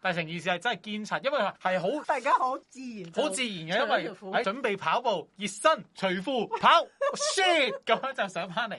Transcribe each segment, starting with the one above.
但成件事係真係見塵，因為係好大家好自然，好自然嘅，因為準準備跑步 熱身，除褲跑，唰 咁就上返嚟。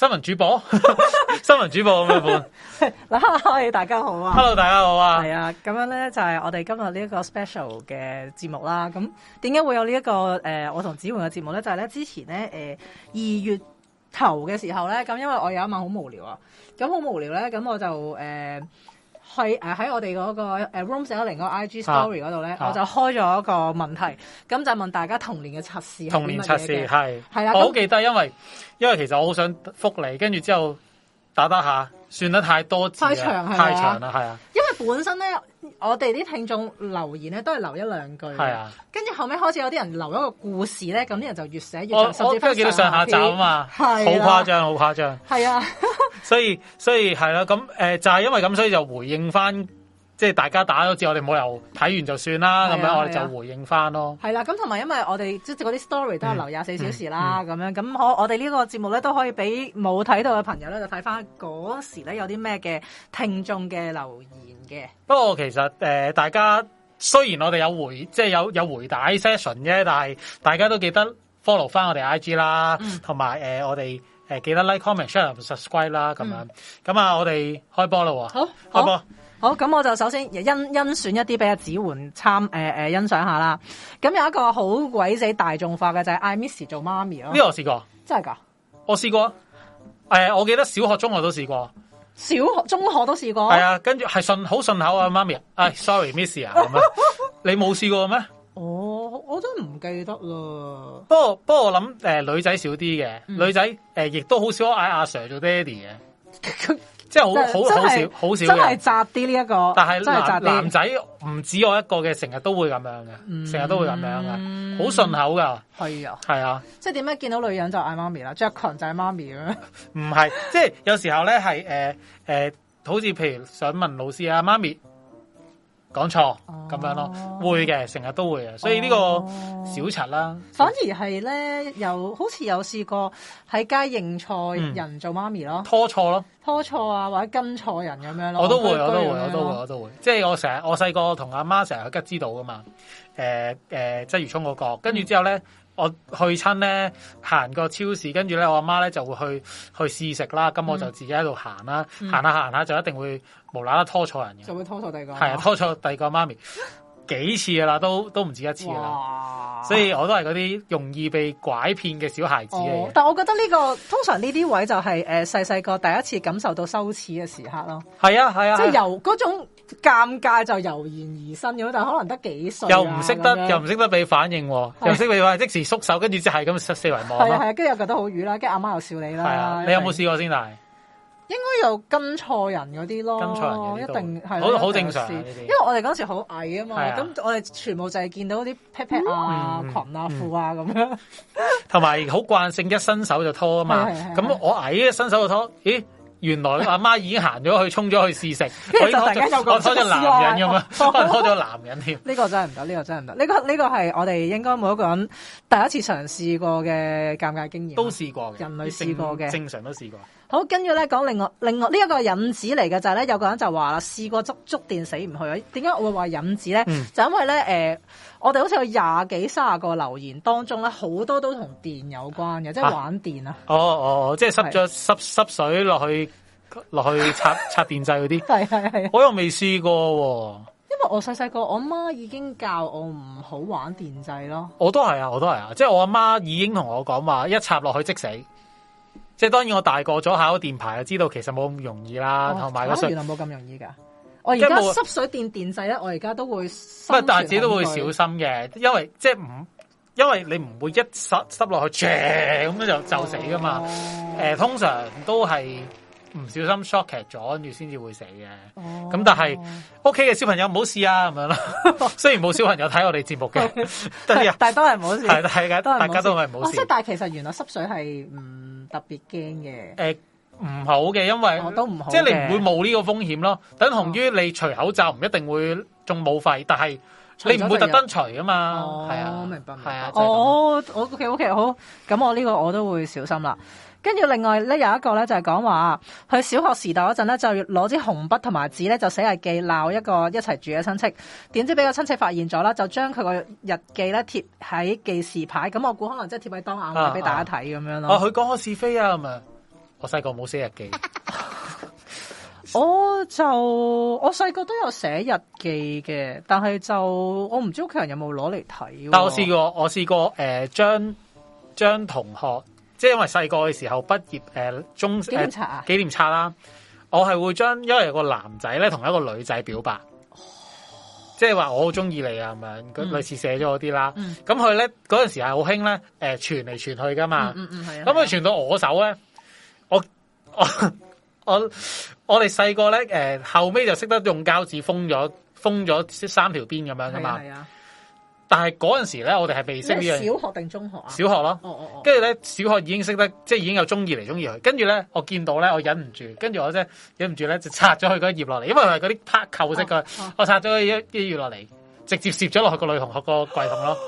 新聞主播， 新聞主播咁樣，嗱，Hello，大家好啊，Hello，大家好啊，係啊，咁、 嗯、樣咧就係我哋今日呢一個 special 嘅節目啦。咁點解會有呢、這、一個誒、呃，我同子媛嘅節目咧？就係、是、咧之前咧，誒、呃、二月頭嘅時候咧，咁因為我有一晚好無聊啊，咁好無聊咧，咁我就誒。呃係誒喺我哋嗰、那個、啊、room s 一嗰個 IG story 嗰度咧，我就開咗一個問題，咁、啊、就問大家童年嘅測試係乜嘢嘅？係係啦，我好記得，因為因為其實我好想復你，跟住之後。.打得下，算得太多字了，太長，係啊，因為本身咧，我哋啲聽眾留言咧都係留一兩句，係啊，跟住後尾開始有啲人留一個故事咧，咁啲人就越寫越長，我甚至分上、上下集啊嘛，係，好誇張，好誇張，係啊，啊 所以，所以係啦，咁誒、啊呃，就係、是、因為咁，所以就回應翻。即係大家打咗字，我哋冇理由睇完就算啦，咁樣、啊啊、我哋就回應翻咯。係啦、啊，咁同埋因為我哋即係嗰啲 story 都係留廿四小時啦，咁、嗯嗯嗯、樣咁我哋呢個節目咧都可以俾冇睇到嘅朋友咧就睇翻嗰時咧有啲咩嘅聽眾嘅留言嘅。不過其實誒、呃，大家雖然我哋有回即係有有回帶 session 啫，但係大家都記得 follow 翻我哋 IG 啦，同埋誒我哋誒記得 like comment share subscribe 啦，咁樣咁啊、嗯、我哋開波啦，好，好開波。好，咁我就首先欣欣選一啲俾阿子煥參誒誒欣賞下啦。咁有一個好鬼死大眾化嘅就係、是、嗌 Missy 做媽咪咯、啊。呢個我試過真係噶，我試過。誒、哎，我記得小學、中學都試過。小學、中學都試過。係、哎、啊，跟住係順好順口啊，媽咪。唉、哎、sorry, Mi ssy 啊，你冇試過咩 我我都唔記得啦。不過不過我諗誒女仔少啲嘅，女仔誒、嗯呃、亦都好少嗌阿 Sir 做爹哋嘅。 即係好好好少好少嘅，真係扎啲呢一個。但係真係扎啲男男仔唔止我一個嘅，成日都會咁樣嘅，成、嗯、日都會咁樣嘅，好順口㗎。係啊，係啊，即係點解見到女人就嗌媽咪啦，着裙就嗌媽咪咁樣？唔 係，即係有時候咧係誒誒，好、呃、似譬如想問老師啊，媽咪。講錯咁樣咯，哦，會嘅，成日都會，所以呢個小賊啦，哦，反而係咧，好有好似有試過喺街認錯人做媽咪咯，拖錯咯，拖錯啊，或者跟錯人咁樣咯，我都會，會，會，會，我都會，我都會，我都會，即係我成日，我細個同阿媽成日去吉之島噶嘛，誒、呃、誒、鯽、呃、魚涌嗰，那個，跟住之後咧。嗯我去親咧，行個超市，跟住咧我阿媽咧就會去去試食啦。咁我就自己喺度行啦、嗯嗯，行下行下就一定會無啦啦拖錯人嘅，就會拖錯第二個媽媽，係啊，拖錯第二個媽咪幾次噶啦，都都唔止一次噶啦。所以我都係嗰啲容易被拐騙嘅小孩子、哦。但我覺得呢、呢個通常呢啲位就係誒細細個第一次感受到羞恥嘅時刻咯。係啊係啊，即、啊啊就係、由嗰種，尷尬就油然而生咁，但可能得幾歲、啊、又唔識得，又唔識得俾反應，又識俾話即時縮手，跟住即係咁四圍望啊，係啊，跟住又覺得好瘀啦，跟住阿媽又笑你啦。係啊，你有冇試過先？但係應該又跟錯人嗰啲咯，跟錯人一定係好好正常、啊。因為我哋嗰時好矮啊嘛，咁我哋全部就係見到啲 pat 啊、嗯、裙啊、嗯、褲啊咁、嗯、樣，同埋好慣性 一伸手就拖啊嘛。咁我矮，一伸手就拖咦？原來阿媽，媽已經行咗去，衝咗去試食。即 就突然間有個男人咁啊，可能多咗男人添。呢個真係唔得，呢個真係唔得。呢個呢個係我哋應該每一個人第一次嘗試過嘅尷尬經驗。都試過嘅，人類試過嘅，正常都試過。好，跟住咧講另外另外呢一個引子嚟嘅就係咧，有個人就話啦，試過觸觸電死唔去啊！點解我會話引子咧？就因為咧誒，我哋好似有廿幾卅個留言當中咧，好多都同電有關嘅，即係玩電啊！啊哦哦哦，即係濕咗濕濕水落去。落去插插電掣嗰啲，係係係，我又未試過、啊。因為我細細個，我阿媽已經教我唔好玩電掣咯。我都係啊，我都係啊，即係我阿媽已經同我講話，一插落去即死。即係當然，我大個咗下考電牌就知道其實冇咁容易啦。同、哦、埋個水冇咁容易噶。我而家濕水電電掣咧，我而家都會不，但係自己都會小心嘅，因為即係唔，因為你唔會一濕濕落去，咁 樣就就死噶嘛。誒、哦，通常都係。唔小心 shock 咗，跟住先至會死嘅。咁，oh。但係，O K 嘅小朋友唔好試啊，咁樣啦。雖然冇小朋友睇我哋節目嘅，okay. 但係都係冇事。係係嘅，都係大家都係冇事。即、哦、係，但係其實原來濕水係唔特別驚嘅。誒、欸，唔好嘅，因為我、哦、都唔好即係、就是、你唔會冒呢個風險咯。等同於你除口罩唔一定會仲冇肺，但係你唔會特登除㗎嘛。係啊，明白、啊、明白。哦，O K O K，好。咁我呢個我都會小心啦。跟住另外咧，有一個咧就係講話，佢小學時代嗰陣咧，就攞支紅筆同埋紙咧，就寫日記鬧一個一齊住嘅親戚。點知俾個親戚發現咗啦，就將佢個日記咧貼喺記事牌。咁我估可能真係貼喺當眼俾大家睇咁樣咯。啊，佢講開是非啊，係咪？我細個冇寫日記。 我就我細個都有寫日記嘅，但係就我唔知屋企人有冇攞嚟睇。但我試過，我試過誒將將同學。即係因為細個嘅時候畢業誒、呃、中紀紀、呃、念冊啦，我係會將因為有個男仔咧同一個女仔表白，即係話我好中意你啊咁樣，類似寫咗嗰啲啦。咁佢咧嗰陣時係好興咧，誒傳嚟傳去噶嘛。嗯嗯，係啊。咁佢傳到我手咧，我我我哋細個咧，誒、呃、後尾就識得用膠紙封咗封咗三條邊咁樣噶嘛。但係嗰陣時咧，我哋係未識呢樣，小學定中學啊？小學咯，跟住咧，哦哦、小學已經識得，即係已經有中意嚟、中意去。跟住咧，我見到咧，我忍唔住，跟住我啫忍唔住咧，就拆咗佢嗰頁落嚟。因為嗰啲拍扣式嘅，哦，我拆咗一啲頁落嚟，直接攝咗落去個女同學個櫃桶咯，哦。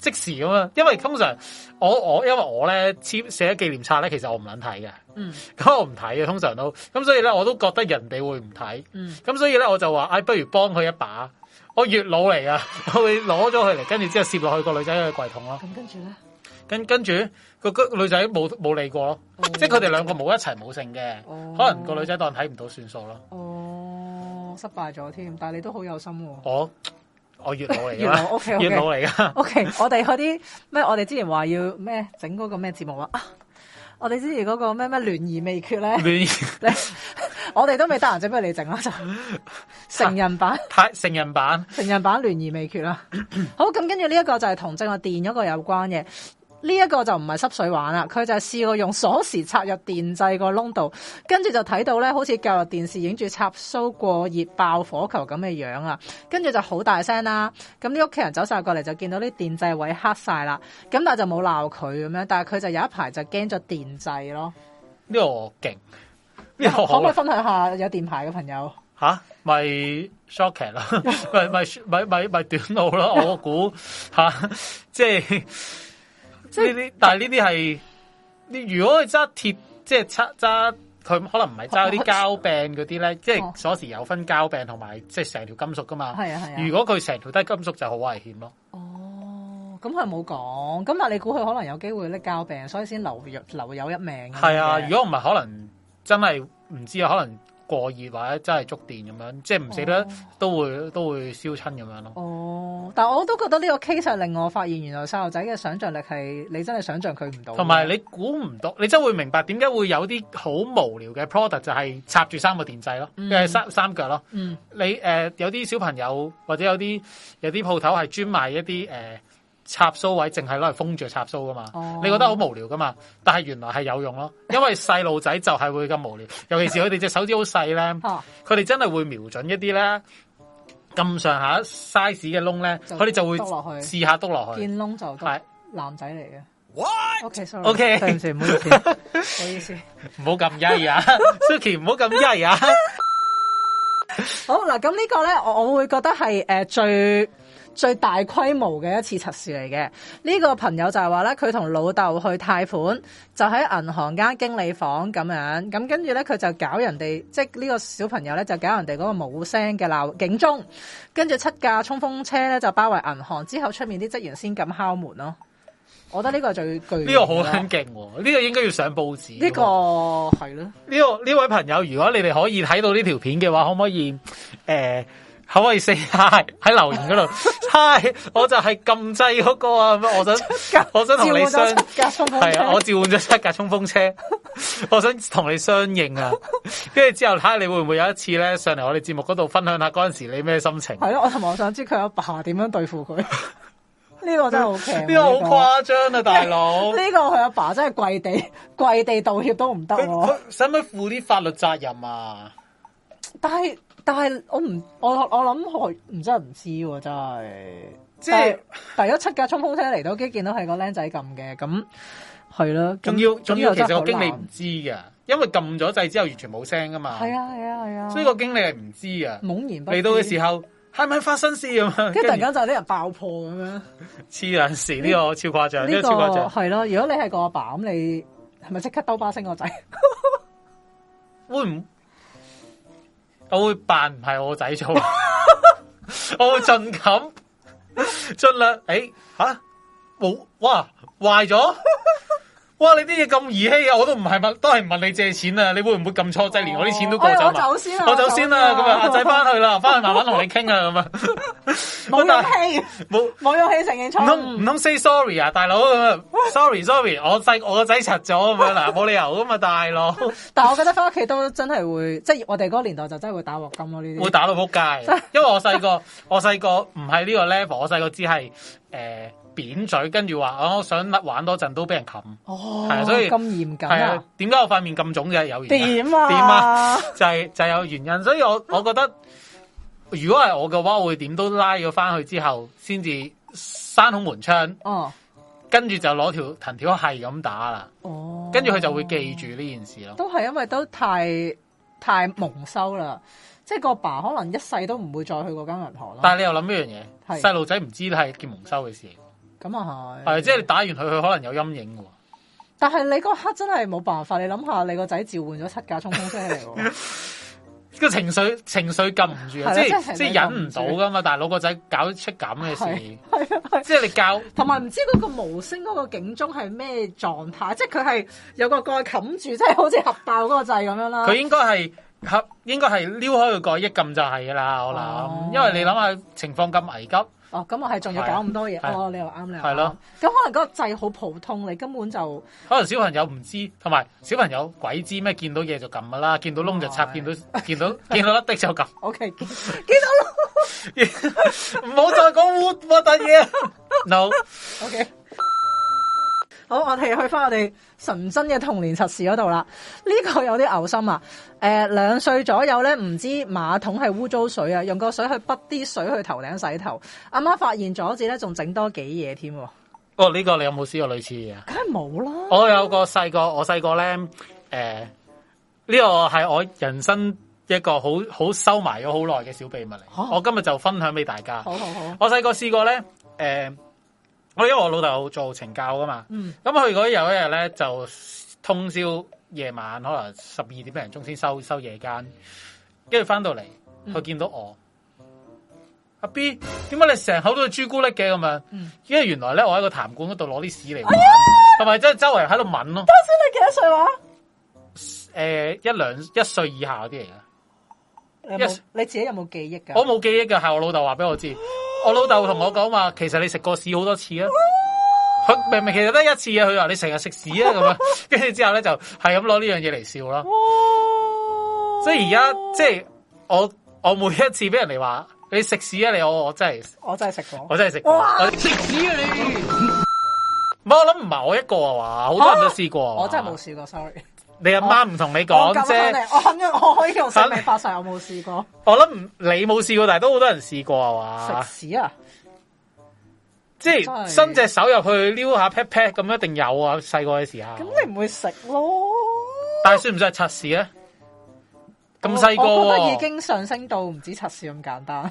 即時咁樣，因為通常我我因為我咧簽寫紀念冊咧，其實我唔捻睇嘅，嗯，咁我唔睇嘅，通常都咁，所以咧我都覺得人哋會唔睇，嗯，咁所以咧我就話，唉，不如幫佢一把。我月老嚟噶，我會攞咗佢嚟，跟住之後攝落去個女仔嘅櫃桶咯。咁跟住咧，跟跟住個女仔冇冇理過咯，即係佢哋兩個冇一齊冇性嘅，可能個女仔當睇唔到算數咯。哦，失敗咗添，但你都好有心喎、哦。我我月老嚟、 okay, okay. 月老嚟噶、okay。O K，我哋嗰啲咩？我哋之前話要咩整嗰個咩節目啊？ 我哋之前嗰個咩咩《聯誼未決》咧，我哋都未得閒，只俾你整啦，就成人版，太，太成人版，成人版《聯誼未決》啦咳咳。好，咁跟住呢一個就係同正話電嗰個有關嘅。呢、這、一個就唔係濕水玩啦，佢就試過用鎖匙插入電掣個窿度，跟住就睇到咧，好似教育電視影住插蘇過熱爆火球咁嘅樣啊！跟住就好大聲啦。咁啲屋企人走晒過嚟就見到啲電掣位黑晒啦。咁但係就冇鬧佢咁樣，但係佢就有一排就驚咗電掣咯。呢、這個勁，呢、這個可唔可以分享下有電牌嘅朋友？吓？咪 short 啦，咪咪咪咪短路啦！ 我估吓？即、啊、係。就是呢啲，但係呢啲係，你 如果佢揸鐵，即係揸揸佢可能唔係揸啲膠柄嗰啲咧，即係鎖匙有分膠柄同埋即係成條金屬噶嘛。係 啊係啊。如果佢成條都係金屬，就好危險咯。哦，咁佢冇講，咁但係你估佢可能有機會搦膠柄，所以先留有留有一命。係啊，如果唔係，可能真係唔知啊，可能。過熱或者真係觸電咁樣，即係唔死得都會，oh. 都，會都會燒親咁樣咯。哦、oh.，但係我都覺得呢個 case 令我發現，原來細路仔嘅想像力係你真係想像佢唔到。同埋你估唔到，你真係會明白點解會有啲好無聊嘅 product 就係插住三個電掣咯，即、mm. 係三三腳咯。嗯、mm.，你、呃、誒有啲小朋友或者有啲有啲鋪頭係專賣一啲誒。呃插蘇位淨係攞嚟封住插蘇㗎嘛？你覺得好無聊㗎嘛？但係原來係有用咯，因為細路仔就係會咁無聊，尤其是佢哋隻手指好細咧，佢哋真係會瞄準一啲咧咁上下 size 嘅窿咧，佢哋就會篤落去、哦，試下篤落去。見窿就篤。男仔嚟嘅。喂 OK, sorry。OK, 唔唔好意思。唔 好咁曳啊，Suki，唔好咁曳啊。 Sukey, 那啊 好嗱，咁呢個咧，我我會覺得係誒、呃、最。最大規模嘅一次測試嚟嘅，呢個朋友就係話咧，佢同老豆去貸款，就喺銀行間經理房咁樣，咁跟住咧佢就搞人哋，即係呢個小朋友咧就搞人哋嗰個冇聲嘅鬧警鐘，跟住七架衝鋒車咧就包圍銀行，之後出面啲職員先敢敲門咯。我覺得呢個最巨，呢個好緊勁喎，呢個應該要上報紙。呢個係咯，呢個呢位朋友，如果你哋可以睇到呢條片嘅話，可唔可以誒？呃可唔可以四嗨喺留言嗰度，嗨！ 我就係禁制嗰個啊，我想我想同你相係啊！我召喚咗七架衝鋒車，我，鋒車 我想同你相認啊！跟住之後，睇下你會唔會有一次咧上嚟我哋節目嗰度分享一下嗰陣時你咩心情？係咯、啊，我同我想知佢阿爸點樣對付佢？呢 個真係好強，呢、這個好誇張啊！大佬，呢 個佢阿爸，爸真係跪地跪地道歉都唔得、啊，使唔使負啲法律責任啊？ 但係。但係我唔我我諗我唔真係唔知喎，真係即係第一七架衝鋒車嚟到機，見到係個僆仔撳嘅，咁係咯。仲要仲要，要其實個經理唔知㗎，因為撳咗掣之後完全冇聲噶嘛。係啊係啊係啊。所以個經理係唔知啊。懵然嚟到嘅時候，係咪發生事咁啊？跟住突然間就啲人爆破咁樣。黐撚線呢個超誇張，呢、這個係咯、這個。如果你係個阿爸咁，你係咪即刻兜巴星個仔？ 會唔？我會扮唔係我仔做 我盡感，我會盡咁盡量誒吓冇哇壞咗。 哇！你啲嘢咁兒戲啊，我都唔係問，都係唔問你借錢啊！你會唔會咁錯掣、哦，連我啲錢都過咗、哎？我先走先啊！我先走我先啦！咁啊，阿仔翻去啦，翻去慢慢同你傾啊！咁 啊，冇勇氣，冇冇勇氣承認錯，唔通唔通 say sorry 啊，大佬咁 sorry sorry，我細我個仔柒咗咁樣，冇 理由㗎嘛，大佬！但係我覺得翻屋企都真係會， 即係我哋嗰個年代就真係會打鑊金咯、啊，呢啲會打到撲街。 因為我細個， 我細個唔係呢個 level，我細個只係誒。呃扁嘴，跟住話：我想玩多陣，都俾人冚。哦，係啊，所以咁嚴格。係啊，點解我塊面咁腫嘅？有原因。點啊？點啊？就係就係有原因。所以我、嗯、我覺得，如果係我嘅話，我會點都拉佢翻去之後，先至閂好門窗。哦。跟住就攞條藤條係咁打啦。哦。跟住佢就會記住呢件事咯。都係因為都太太蒙羞啦。即係個爸爸可能一世都唔會再去嗰間銀行啦。但係你又諗一樣嘢，細路仔唔知係件蒙羞嘅事。咁啊係，係即係你打完佢，佢可能有陰影喎。但係你嗰刻真係冇辦法，你諗下你個仔召喚咗七架衝鋒車嚟，個 情緒情緒撳唔住，即係即係忍唔到噶嘛？大佬個仔搞出咁嘅事，係啊，即係你教同埋唔知嗰個無聲嗰個警鐘係咩狀態？ 即係佢係有個蓋冚住，即係好似核爆嗰個掣咁樣啦。佢應該係合，應該係撩開個蓋一撳就係噶啦。我諗、哦，因為你諗下情況咁危急。哦，咁我係仲要搞咁多嘢，哦、oh,，你又啱啦，係咯，咁可能嗰個掣好普通，你根本就，可能小朋友唔知，同埋小朋友鬼知咩，見到嘢就撳噶啦，見到窿就插，見到見到見到一滴就撳 ，OK，見到窿， 唔好再講烏默認嘢，no，OK。好，我哋去翻我哋純真嘅童年實事嗰度啦。呢個有啲嘔心啊！誒、呃，兩歲左右咧，唔知馬桶係污糟水啊，用個水去筆，啲水去頭頂洗頭。阿媽發現咗之後呢，咧，仲整多幾嘢添。哦，呢、這個你有冇試過類似嘢、啊？梗係冇啦。我有個細個，我細、呃這個咧，誒，呢個係我人生一個好好收埋咗好耐嘅小秘密嚟、哦。我今日就分享俾大家。好好好。我細個試過咧，誒、呃。因為我老豆做懲教噶嘛，咁佢嗰日有一日咧就通宵夜晚，可能十二點零鐘先收收夜間跟住翻到嚟佢見到我、嗯、阿 B，點解你成口都係朱古力嘅咁樣？因為原來咧我喺個痰罐嗰度攞啲屎嚟，同埋即係周圍喺度聞咯。當、哎、時你幾多歲話、啊？誒、呃，一兩一歲以下嗰啲嚟㗎。一，你自己有冇記憶噶？我冇記憶噶，係我老豆話俾我知。我老豆同我講話，其實你食過屎好多次啊，佢明明其實得一次啊，佢話你成日食屎啊咁樣，跟住之後咧就係咁攞呢樣嘢嚟笑囉。即係而家即係我我每一次俾人哋話你食屎啊，你，你我我真係我真係食過，我真係食過食屎啊你。唔 係我諗唔係我一個啊，好多人都試過、啊。我真係冇試過，sorry。你阿媽唔同你講啫，哦，我肯，我可以用手你發誓，我冇試過。我諗唔，你冇試過，但係都好多人試過係嘛？食屎啊！即係伸隻手入去撩下 pat pat，咁一定有啊！細個嘅時候，咁你唔會食咯？但係算唔算係測試咧？咁細個，我覺得已經上升到唔止測試咁簡單。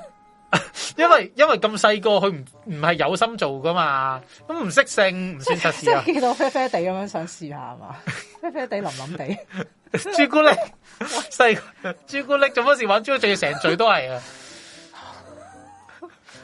因為因為咁細個，佢唔唔係有心做噶嘛，咁唔識性，唔算測試，即係見到啡啡地咁樣，想試下係嘛？ 啡啡地腍腍地，朱古力，細個，朱古力做乜事揾朱古力仲要成嘴都係啊 ！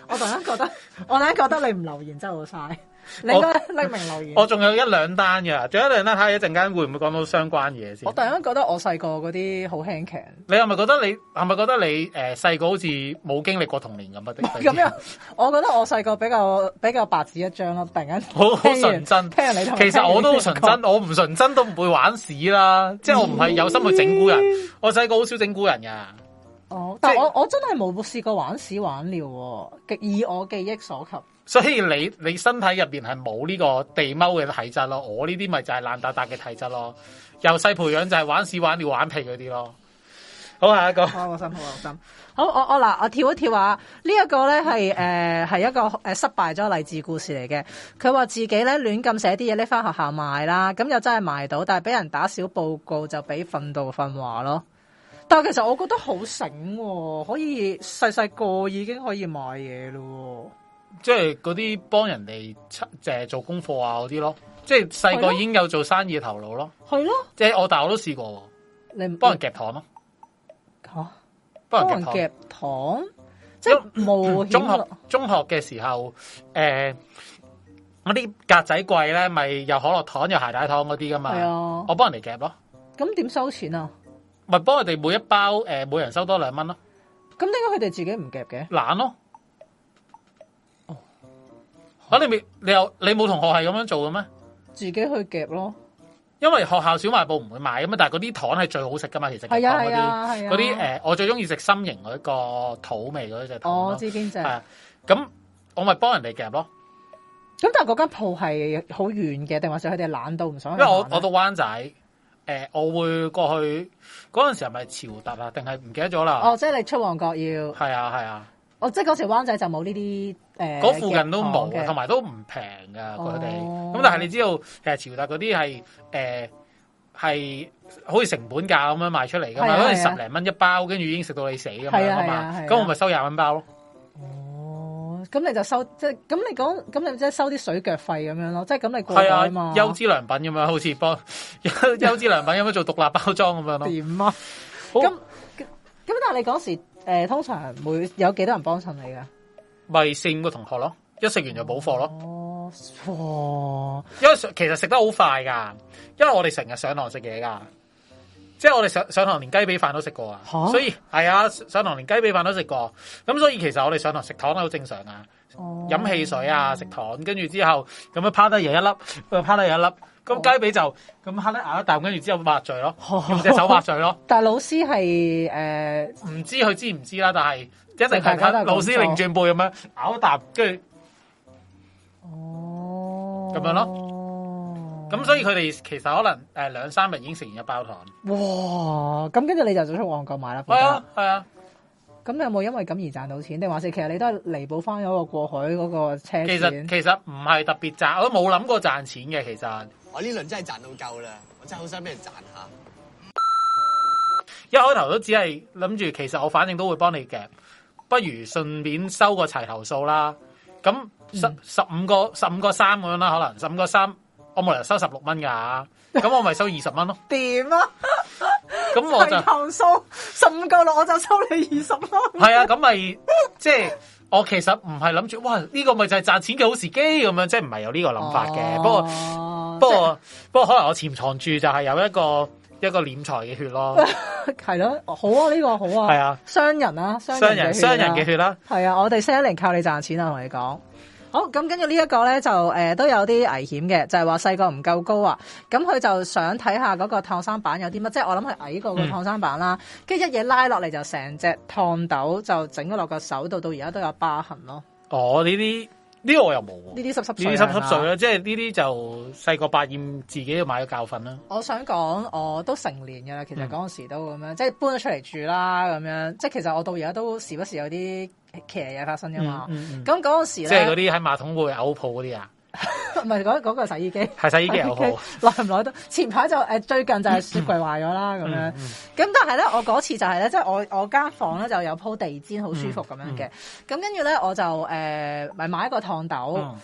我突然間覺得，我突然覺得你唔留言真係好嘥。你匿名留言，我仲有一兩單嘅，仲有一兩單睇下一陣間會唔會講到相關嘢先。我突然間覺得我細個嗰啲好輕巧。你係咪覺得你係咪覺得你誒細個好似冇經歷過童年咁啊？定咁樣，我覺得我細個比較比較白紙一張咯。突然間好純真，聽你聽其實我都好純真，我唔純真都唔會玩屎啦。 即係我唔係有心去整蠱人，我細個好少整蠱人㗎。哦，但係我我真係冇試過玩屎玩尿，以我記憶所及。所以你你身體入邊係冇呢個地踎嘅體質咯，我呢啲咪就係爛打打嘅體質咯。由細培養就係玩屎玩尿玩屁嗰啲咯。好，下一個，好心，好開心。好，我心好我嗱，我跳一跳啊。呢、這個呃、一個咧係誒係一個誒失敗咗勵志故事嚟嘅。佢話自己咧亂咁寫啲嘢，搦翻學校賣啦，咁又真係賣到，但係俾人打小報告就俾訓導訓話咯。但係其實我覺得好醒，啊，可以細細個已經可以賣嘢咯。即係嗰啲幫人哋出誒做功課啊嗰啲咯，即係細個已經有做生意嘅頭腦咯。係咯，即係我大學我都試過，你幫人夾糖咯吓，幫、啊、人夾糖，糖，即係冇中學中學嘅時候誒，我、呃、啲格仔櫃咧，咪有可樂糖、有鞋帶糖嗰啲噶嘛。係啊，我幫人哋夾咯。咁點收錢啊？咪幫佢哋每一包誒、呃，每人多收多兩蚊咯。咁點解佢哋自己唔夾嘅？懶咯。懶咯我你未你有你冇同學係咁樣做嘅咩？自己去夾咯，因為學校小賣部唔會買噶嘛，但係嗰啲糖係最好食噶嘛。其實係啊係啊係啊，嗰啲誒我最中意食心型嗰一個土味嗰隻糖。哦，我知邊隻。係啊，咁我咪幫人哋夾咯。咁但係嗰間鋪係好遠嘅，定還是佢哋懶到唔想？因為我我到灣仔，誒、呃、我會過去嗰陣時係咪潮達啊？定係唔記得咗啦？哦，即係你出旺角要。係啊係啊。哦，即係嗰時灣仔就冇呢啲，誒、呃，嗰附近都冇同埋都唔平噶佢哋。咁、哦、但係你知道，其實潮達嗰啲係，誒、呃，係好似成本價咁樣賣出嚟噶嘛，好似、啊、十零蚊一包，跟住已經食到你死咁樣噶嘛。咁、啊啊啊、我咪收廿蚊包咯。哦，咁你就收，即係咁你講，咁你即係收啲水腳費咁樣咯，即係咁你過啊嘛。啊優之良品咁樣，好似幫優之良品有冇做獨立包裝咁樣咯？掂 啊？咁。嗯咁但係你講時誒、呃、通常會有幾多人幫襯你噶？咪四五個同學咯，一食完就補課咯哦。哦，因為其實食得好快噶，因為我哋成日上堂食嘢噶，即係我哋上上堂連雞髀飯都食過啊。所以係啊，上堂連雞髀飯都食過，咁所以其實我哋上堂食糖都好正常啊、哦。飲汽水啊，食糖，跟住之後咁樣趴得嘢一粒，趴得嘢一粒。咁雞髀就咁，嚇、哦、咧咬一啖，跟住之後抹嘴囉，用隻手抹嘴囉。但老師係誒，唔、呃、知佢知唔知啦、呃，但係一定係佢老師擰轉背咁樣咬一啖，跟住哦，咁樣囉。咁所以佢哋其實可能兩三日已經成完一包糖。嘩，咁跟住你就走出旺角買啦。係、哎、啊，係、哎、啊。咁你有冇因為咁而賺到錢？定話係其實你都係彌補返一個過海嗰個車錢？其實其實唔係特別賺，我都冇諗過賺錢嘅其實。其實我呢輪真係賺到夠啦，我真係好想俾人賺下。一開頭都只係諗住，其實我反正都會幫你夾，不如順便收個齊頭數啦。咁十、嗯、十五個十五個三咁樣啦，可能十五個三，我冇理由收十六蚊噶，咁 我咪收二十蚊咯。掂啊？咁 我就齊頭數十五個六咯，我就收你二十咯。係 啊，咁咪即係我其實唔係諗住，哇呢、這個咪就係賺錢嘅好時機咁樣，即係唔係有呢個諗法嘅、啊。不過。不過不過可能我潛藏住就係有一個一個斂財嘅血咯，係咯，好啊呢、這個好啊，係啊，商人啊，商人商人嘅血啦，係啊，啊我哋三零靠你賺錢啊，同你講，好咁跟住呢一個咧就誒、呃、都有啲危險嘅，就係話細個唔夠高啊，咁佢就想睇下嗰個燙衫板有啲乜，即、就、係、是、我諗佢矮過個燙衫板啦，跟、嗯、住一嘢拉落嚟就成隻燙斗，就整咗落個手度，到而家都有疤痕咯。哦呢啲。呢個我又冇喎，呢啲濕濕碎啦，即係呢啲就細個百厭自己買咗教訓啦。我想講，我都成年㗎啦，其實嗰陣時都咁樣，嗯、樣，即係搬咗出嚟住啦，咁樣，即係其實我到而家都時不時有啲騎嘢發生噶嘛。咁嗰陣時咧，即係嗰啲喺馬桶會度嘔泡嗰啲啊。唔係嗰嗰個、那個、洗衣機，係洗衣機又好，耐唔耐都。前排就誒，最近就係雪櫃壞咗啦，咁樣。咁、嗯嗯、但係咧，我嗰次就係、是、咧，即、就、係、是、我我間房咧就有鋪地氈，好舒服咁樣嘅。咁跟住咧，我就誒，咪、呃、買一個燙斗，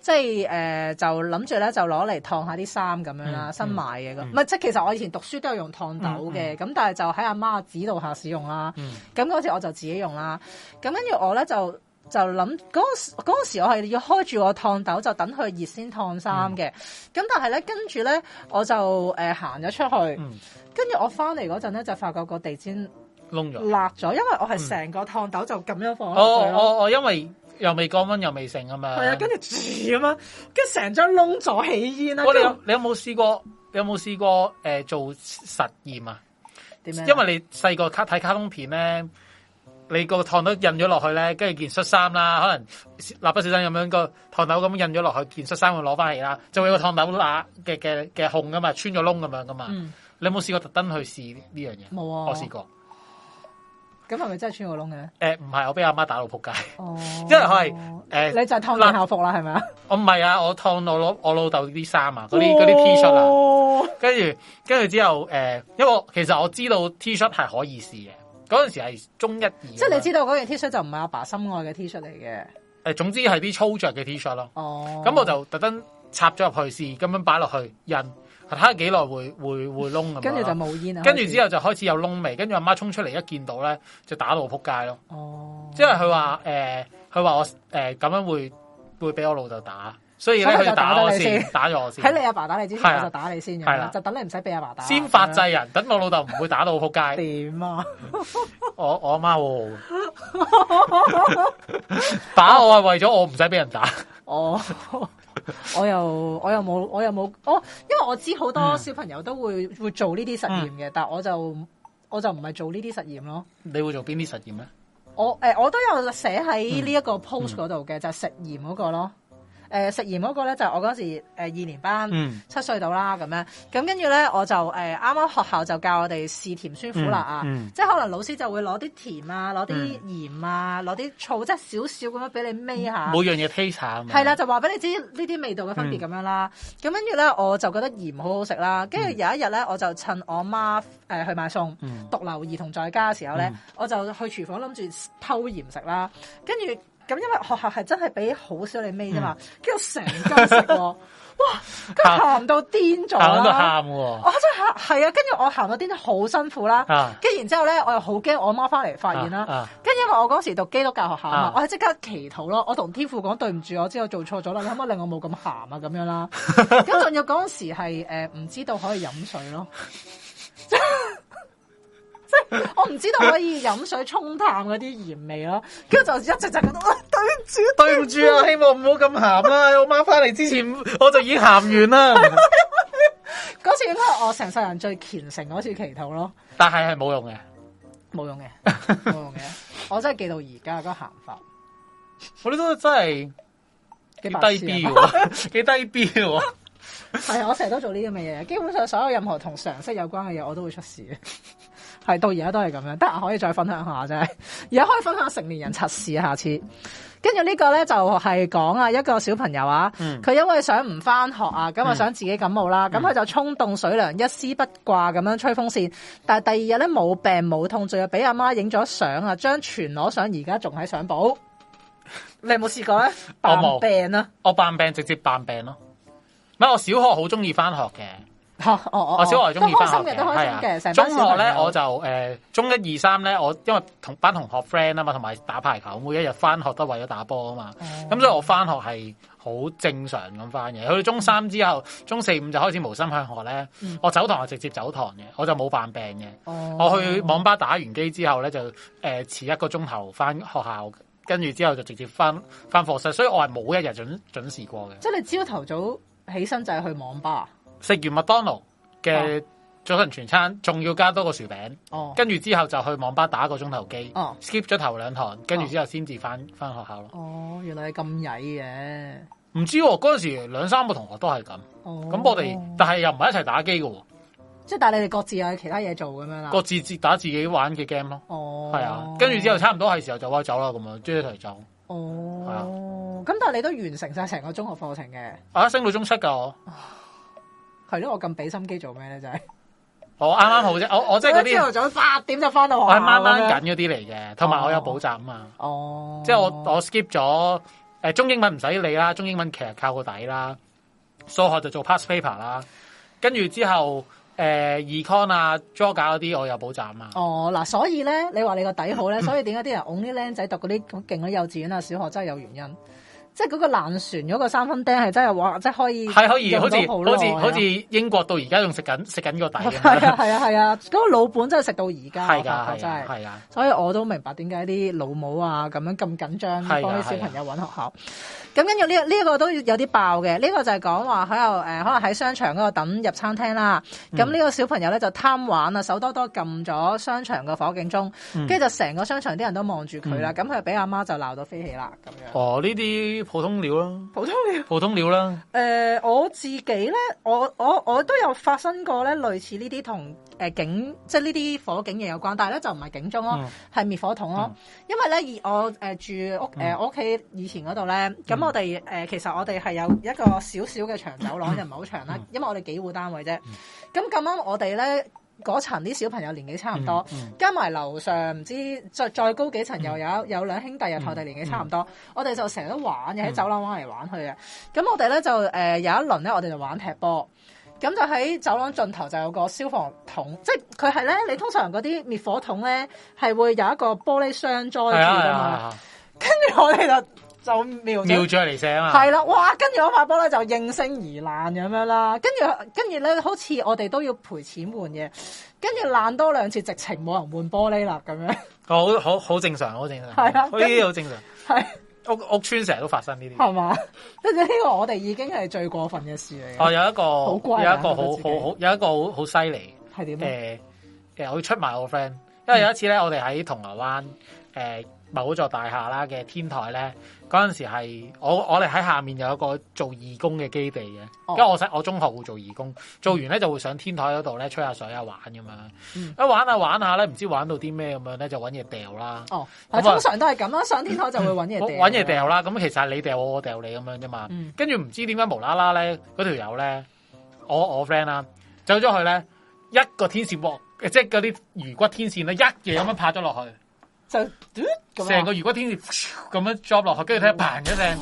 即係誒，就諗住咧就攞嚟燙下啲衫咁樣啦、嗯嗯，新買嘅。唔、嗯、係，即係其實我以前讀書都有用燙斗嘅，咁、嗯嗯、但係就喺阿媽，媽指導下使用啦。咁、嗯、嗰次我就自己用啦。咁跟住我咧就。就諗嗰、那個嗰時，那個、時我係要開住個燙斗，就等佢熱先燙衫嘅。咁、嗯、但係咧，跟住咧，我就誒行咗出去，跟、嗯、住我翻嚟嗰陣咧，就發覺個地氈窿咗、落咗，因為我係成個燙斗就咁樣放哦哦哦，因為又未降溫又未成啊嘛。係啊，跟住住啊嘛，跟成張窿咗起煙我有你有，有試、嗯、你有冇試過？有冇試過誒做實驗啊？點樣？因為你細個卡睇卡通片咧。你個燙斗印咗落去咧，跟住件恤衫啦，可能蠟筆小新咁樣個燙斗咁印咗落去件恤衫會攞翻嚟啦，就仲有個燙斗乸嘅嘅嘅孔噶嘛，穿咗窿咁樣噶嘛、嗯。你有冇試過特登去試呢樣嘢？冇啊，我試過。咁係咪真係穿個窿嘅？誒、呃，唔係，我俾阿媽，媽打到仆街。因為係誒，你就係燙爛校服啦，係咪啊？我唔係啊，我燙我老我老豆啲衫啊，嗰啲嗰啲 T 恤啊，跟住跟住之後誒，因為其實我知道 T 恤係可以試嘅。嗰陣時係中一二，即係你知道嗰件 T 恤就唔係阿爸心愛嘅 T 恤嚟嘅。誒，總之係啲粗着嘅 T 恤咯。哦，咁我就特登插咗入去試，試咁樣擺落去，印睇下幾耐會會會窿咁。跟住、嗯、就冒煙啦。跟住之後就開始有窿味，跟住阿媽衝出嚟一見到咧，就打到仆街咯。哦、呃，即係佢話誒，佢話我誒咁樣會會俾我老豆打。所以咧，佢就打我先，打咗我先。喺 你阿爸，爸打你之前， 我就打你先係啦，啊，就等你唔使俾阿爸打。先發制人，等我老豆唔會打到扑街。點 樣啊？ 我我阿媽喎， 打我係為咗我唔使俾人打。我我，我又我又冇我又冇我，因為我知好多小朋友都會會做呢啲實驗嘅，嗯，但係我就我就唔係做呢啲實驗咯。你會做邊啲實驗咧？我誒，欸，我都有寫喺呢一個 post 嗰度嘅，就是，食鹽嗰個咯。誒、呃、食鹽嗰個咧就係、我嗰時誒二年班、嗯、七歲到啦咁樣，咁跟住咧我就誒啱啱學校就教我哋試甜酸苦辣、嗯嗯、啊，即係可能老師就會攞啲甜啊，攞啲鹽啊，攞、嗯、啲醋即係少少咁樣俾你味下。每樣嘢披 a 係啦，就話俾你知呢啲味道嘅分別咁樣啦。咁跟住咧我就覺得鹽好好食啦。跟住有一日咧我就趁我媽誒去買餸，獨、嗯、留兒童在家嘅時候咧、嗯，我就去廚房諗住偷鹽食啦。跟住。咁因為學校係真係俾好少你咩啫嘛，跟住成斤食喎， 哇！跟住鹹到癲咗啦，喊喎！我真係係啊，跟住我行到癲咗好辛苦啦，跟、啊、然之後咧我又好驚我媽翻嚟發現啦，跟、啊、住、啊、因為我嗰時讀基督教學校啊嘛，我係即刻祈禱咯，我同天父講對唔住，我知道我做錯咗啦，你可唔可以令我冇咁鹹啊咁樣啦？咁仲要嗰陣時係唔、呃、知道可以飲水咯。 我唔知道可以飲水沖淡嗰啲鹽味咯，跟住就一直就講對唔住，對唔住啊！ 希望唔好咁鹹啦！我媽翻嚟之前，我就已經鹹完啦。嗰 次應該係我成世人最虔誠嗰次祈禱咯，但係係冇用嘅，冇用嘅，冇 用嘅。我真係記到而家嗰個鹹法， 我呢都真係幾低 B，幾 低 B B。係 啊， 我成日都做呢啲咁嘅嘢。基本上所有任何同常識有關嘅嘢，我都會出事嘅。 係到而家都係咁樣，得閒可以再分享下啫。而家可以分享成年人測試下次。跟住呢個呢，就係講啊一個小朋友啊，佢、嗯、因為想唔翻學啊，咁啊想自己感冒啦，咁、嗯、佢就沖凍水涼一絲不掛咁樣吹風扇，但係第二日呢，冇病冇痛，仲要俾阿媽影咗相啊，張全裸相而家仲喺相簿。你有冇試過呢？扮病啊！我扮病直接扮病咯。咪我小學好中意翻學嘅。哦哦哦！好開心嘅都開心嘅，成、啊、班小朋中學咧我就誒、呃，中一二三咧，我因為同班同學 friend 啊嘛，同埋打排球，每一日翻學都為咗打波啊嘛。咁、oh. 嗯、所以我翻學係好正常咁翻嘅。去到中三之後，嗯、中四五就開始無心向學咧、嗯。我走堂係直接走堂嘅，我就冇犯病嘅。Oh. 我去網吧打完機之後咧，就誒遲、呃、一個鐘頭翻學校，跟住之後就直接翻翻課室，所以我係冇一日準準時過嘅。即係朝頭早起身就去網吧。食完麥當勞嘅早晨全餐，仲、oh. 要加多個薯餅。哦，跟住之後就去網吧打一個鐘、oh. 頭機。哦，skip 咗頭兩堂，跟住之後先至翻翻學校咯。哦、oh,，原來係咁曳嘅。唔知嗰陣時兩三個同學都係咁。哦，咁我哋，但係又唔係一齊打機嘅。即係但係你哋各自有其他嘢做咁樣啦。各自接打自己玩嘅 game 咯。哦，係啊，跟住之後差唔多係時候就可以走啦，咁、oh. 啊，追一齊走。哦，係啊。咁但係你都完成晒成個中學課程嘅。啊，升到中七噶我係咯，我咁俾心機做咩咧？就係、是 哦，我啱啱好啫，我就就我即係嗰啲朝頭早八點就翻到學校啱啱緊咗啲嚟嘅，同埋我有補習啊嘛。哦，哦即係我我 skip 咗誒中英文唔使理啦，中英文其實靠個底啦，數學就做 past paper 啦。跟住之後誒、呃、econ 啊，draw 嗰啲我有補習啊嘛。哦，嗱，所以咧，你話你個底好咧、嗯，所以點解啲人㧬啲僆仔讀嗰啲咁勁嘅幼稚園啊、小學真係有原因。即係嗰個爛船嗰個三分釘係真係話，即係可以係可以，好似好似好似英國到而家仲食緊食緊個底嘅。 係啊係啊係啊！咁、嗰個、老本真係食到而家嘅真係。係㗎。所以我都明白點解啲老母啊咁樣咁緊張幫啲小朋友搵學校。咁跟住呢呢個都有啲爆嘅。呢、呢個就係講話喺度可能喺商場嗰度等入餐廳啦。咁、嗯、呢個小朋友咧就貪玩啊，手多多撳咗商場個火警鐘，跟、嗯、住就成個商場啲人都望住佢啦。咁佢俾阿媽就鬧到飛起啦咁樣哦，呢啲～普通料啦，普通料，普通料啦。誒、呃，我自己咧，我我我都有發生過咧，類似呢啲同誒警，即係呢啲火警嘢有關，但係咧就唔係警鐘咯，係、嗯、滅火筒咯、嗯。因為咧，而我誒、呃、住屋，誒、呃、我屋企以前嗰度咧，咁、嗯、我哋誒、呃、其實我哋係有一個小小嘅長走廊，又唔係好長啦、嗯，因為我哋幾戶單位啫。咁咁啱我哋咧。嗰層啲小朋友年紀差唔多，嗯嗯、加埋樓上唔知再再高幾層又有、嗯、有兩兄弟又同我哋年紀差唔多，嗯嗯、我哋就成日都玩嘅喺走廊玩嚟玩去嘅。咁我哋咧就、呃、有一輪咧，我哋就玩踢波。咁就喺走廊盡頭就有個消防桶，即係佢係咧你通常嗰啲滅火桶咧係會有一個玻璃箱裝住噶嘛，跟、嗯、住、嗯嗯嗯、我哋就。就瞄瞄住嚟射啊嘛！係啦，哇！跟住我塊玻璃就應聲而爛咁樣啦，跟住跟住咧，好似我哋都要賠錢換嘢，跟住爛多兩次，直情冇人換玻璃啦咁樣。好好好正常，好正常。係啊，呢啲好正常。係、啊、屋屋邨成日都發生呢啲，係嘛？跟住呢個我哋已經係最過分嘅事嚟。哦，有一個，有一個好好好，有一個好好犀利。係點？誒，其、呃、實我要出賣我 friend，因為有一次咧，我哋喺銅鑼灣誒。呃某座大廈啦嘅天台咧，嗰陣時係我我哋喺下面有一個做義工嘅基地嘅，哦、因為我我中學會做義工，嗯、做完咧就會上天台嗰度咧吹下水玩、嗯、玩啊玩咁、啊樣，哦、樣，一玩下玩下咧唔知玩到啲咩咁樣咧就搵嘢掉啦。哦，通常都係咁咯，嗯、上天台就會搵嘢。搵嘢掉啦，咁其實你掉我、嗯那個、我，我掉你咁樣啫嘛。跟住唔知點解無啦啦咧，嗰條友咧，我我 friend 啦，走咗去咧，一個天線鑊即係嗰啲魚骨天線咧，一嘢咁樣拍咗落去。就成個魚骨天線咁樣 drop 落去，跟住聽一砰一聲，